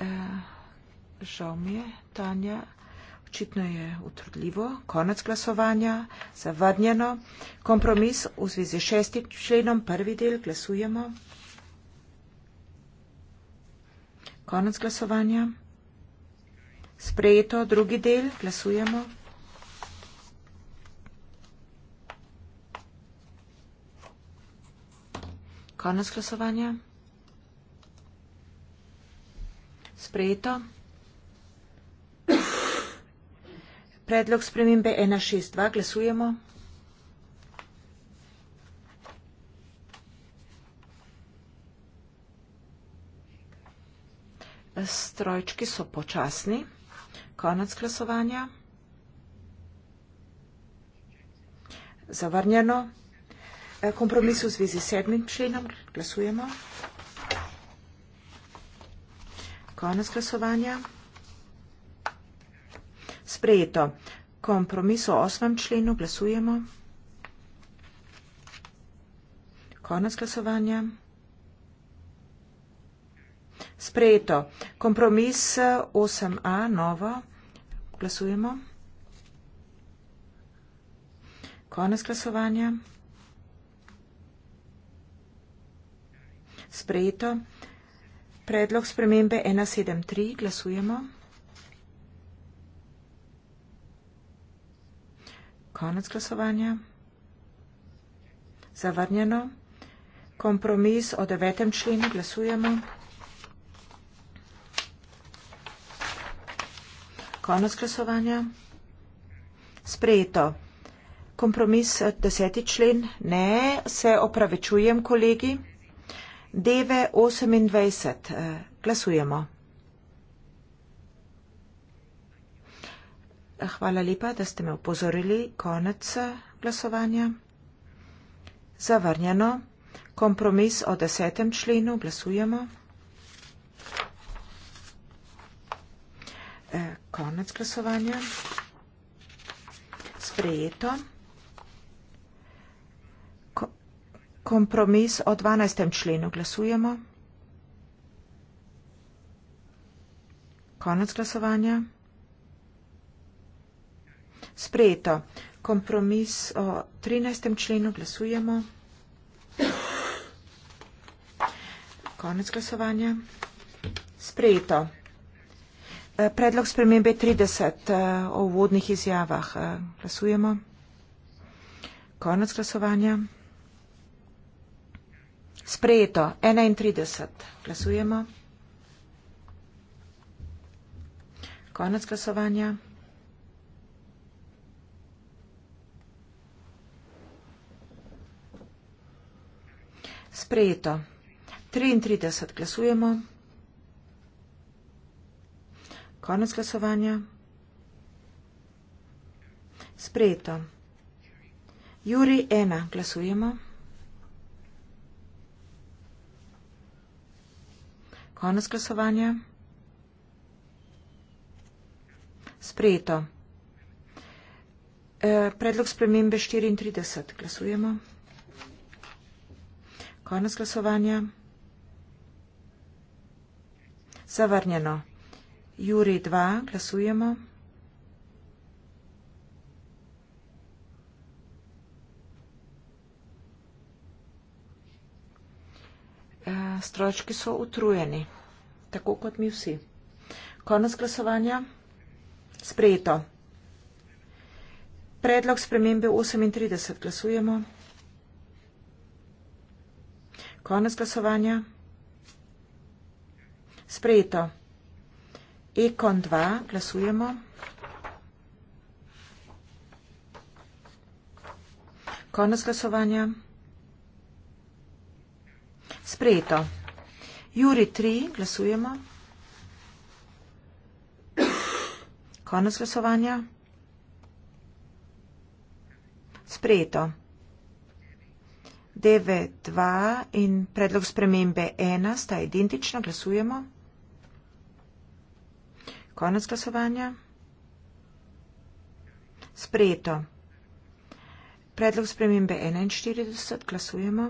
E, žal mi je, Tanja očitno je utrudljivo, konec glasovanja, zavadnjeno, kompromis v zvezi s šestim členom, prvi del, glasujemo. Konec glasovanja, sprejeto, drugi del, glasujemo. Konec glasovanja, sprejeto. Predlog spremembe 162 glasujemo. Strojčki so počasni. Konec glasovanja. Zavrnjeno. E, kompromis v zvezi s sedmim členom. Glasujemo. Konec glasovanja sprejeto. Kompromis o osmem členu glasujemo. Konec glasovanja. Sprejeto. Kompromis 8a, novo. Glasujemo. Konec glasovanja. Sprejeto. Predlog spremembe 173. Glasujemo. konec glasovanja. Zavrnjeno. Kompromis o devetem členu glasujemo. Konec glasovanja. Sprejeto. Kompromis eh, deseti člen. Ne, se opravičujem, kolegi. Deve 28. Eh, glasujemo. hvala lepa, da ste me upozorili. Konec eh, glasovanja. Zavrnjeno. Kompromis o desetem členu. Glasujemo. Eh, konec glasovanja. Sprejeto. Kompromis o dvanajstem členu. Glasujemo. Konec glasovanja sprejeto. Kompromis o 13. členu glasujemo. Konec glasovanja. Sprejeto. E, predlog spremembe 30 e, o uvodnih izjavah. E, glasujemo. Konec glasovanja. Sprejeto. 31. Glasujemo. Konec glasovanja. Sprejeto. 33 glasujemo. Konec glasovanja. Sprejeto. Juri 1 glasujemo. Konec glasovanja. Sprejeto. Eh, predlog spremembe 34. Glasujemo. Konec glasovanja. Zavrnjeno. Juri 2, glasujemo. Eh, Stročki so utrujeni, tako kot mi vsi. Konec glasovanja. Sprejeto. Predlog spremembe 38. Glasujemo. Konec glasovanja. Sprejeto. Ekon 2, glasujemo. Konec glasovanja. Sprejeto. Juri 3, glasujemo. Konec glasovanja. Sprejeto. DV2 in predlog spremembe 1 sta identična. Glasujemo. Konec glasovanja. Sprejeto. Predlog spremembe 41. Glasujemo.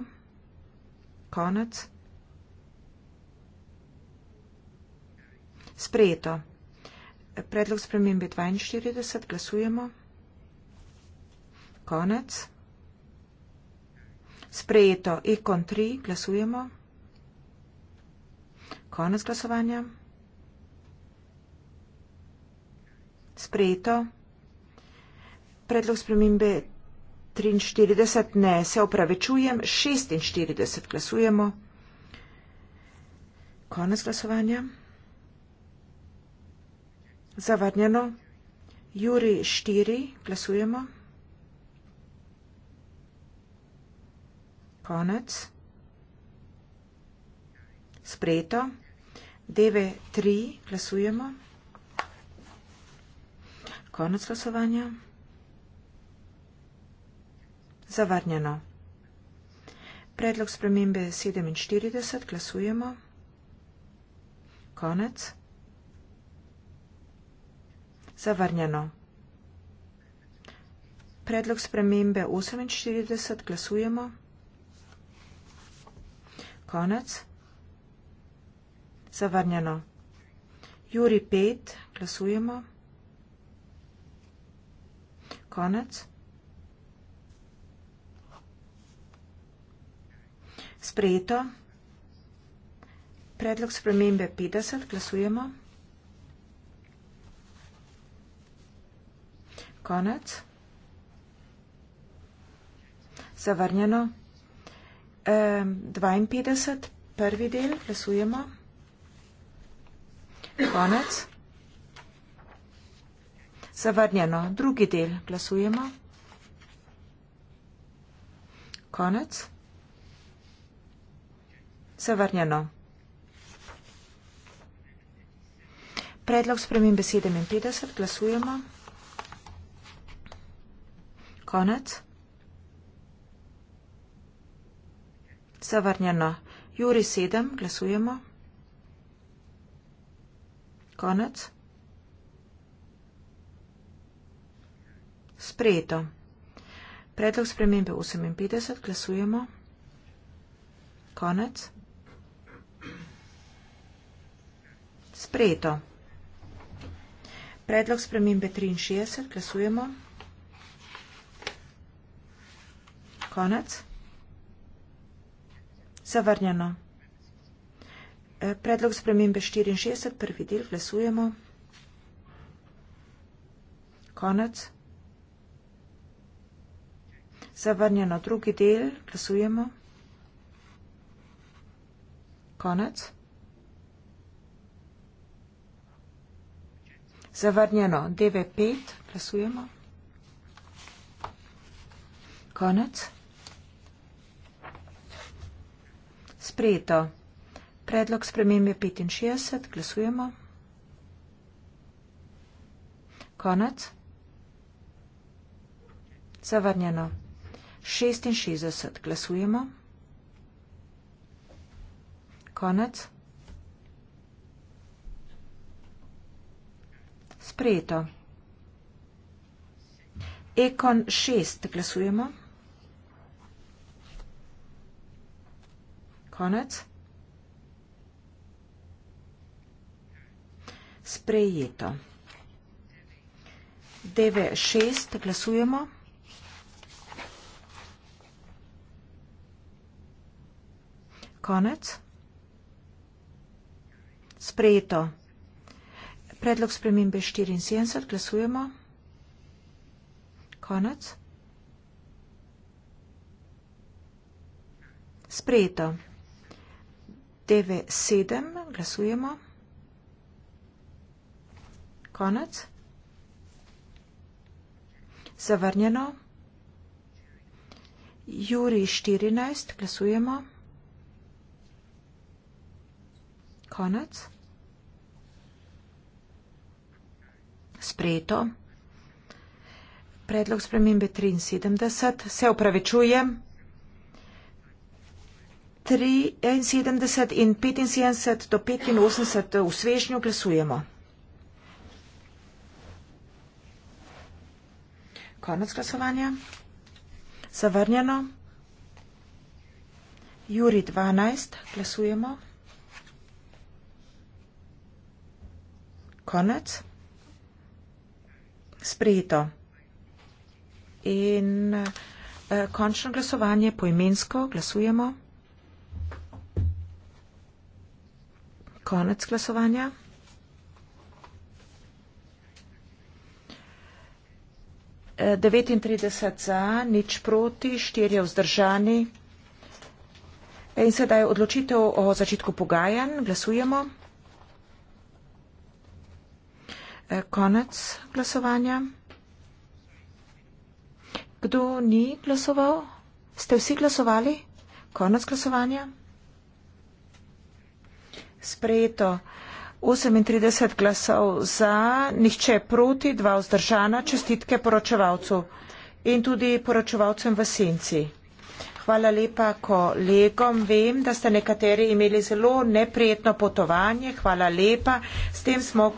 Konec. Sprejeto. Predlog spremembe 42. Glasujemo. Konec sprejeto ikon tri, glasujemo. Konec glasovanja. Sprejeto. Predlog spremembe 43, ne, se opravičujem, 46 glasujemo. Konec glasovanja. Zavrnjeno. Juri 4, glasujemo. konec. Sprejeto. DV3, glasujemo. Konec glasovanja. Zavarnjeno. Predlog spremembe 47, glasujemo. Konec. Zavarnjeno. Predlog spremembe 48, glasujemo. Konec konec. Zavrnjeno. Juri 5, glasujemo. Konec. Sprejeto. Predlog spremembe 50, glasujemo. Konec. Zavrnjeno. 52, prvi del, glasujemo. Konec. Zavrnjeno, drugi del, glasujemo. Konec. Zavrnjeno. Predlog spremembe 57, glasujemo. Konec. Zavrnjeno. Juri sedem, glasujemo. Konec. Sprejeto. Predlog spremembe 58, glasujemo. Konec. Sprejeto. Predlog spremembe 63, glasujemo. Konec. Zavrnjeno. E, predlog spremembe 64, prvi del, glasujemo. Konec. Zavrnjeno drugi del, glasujemo. Konec. Zavrnjeno DV5, glasujemo. Konec. sprejeto. Predlog sprememb je 65. Glasujemo. Konec. Zavrnjeno. 66. Glasujemo. Konec. Sprejeto. Ekon 6. Glasujemo. Konec. Sprejeto. DV6 glasujemo. Konec. Sprejeto. Predlog spremembe 74 glasujemo. Konec. Sprejeto. TV7, glasujemo. Konec. Zavrnjeno. Juri 14, glasujemo. Konec. Sprejeto. Predlog spremembe 73, se upravičujem. 73 in 75 do 85 eh, v svežnju glasujemo. Konec glasovanja. Zavrnjeno. Juri 12. Glasujemo. Konec. Sprejeto. In uh, končno glasovanje poimensko. Glasujemo. konec glasovanja. E, 39 za, nič proti, 4 vzdržani. E, in sedaj odločitev o začetku pogajanj. Glasujemo. E, konec glasovanja. Kdo ni glasoval? Ste vsi glasovali? Konec glasovanja sprejeto. 38 glasov za, nihče proti, dva vzdržana, čestitke poročevalcu in tudi poročevalcem v senci. Hvala lepa kolegom. Vem, da ste nekateri imeli zelo neprijetno potovanje. Hvala lepa. S tem smo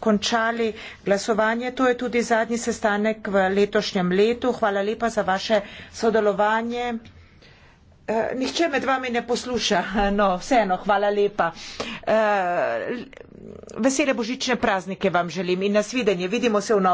končali glasovanje. To je tudi zadnji sestanek v letošnjem letu. Hvala lepa za vaše sodelovanje. Eh, nihče med vami ne posluša, no vseeno, hvala lepa. Eh, vesele božične praznike vam želim in nasvidenje, vidimo se v novem.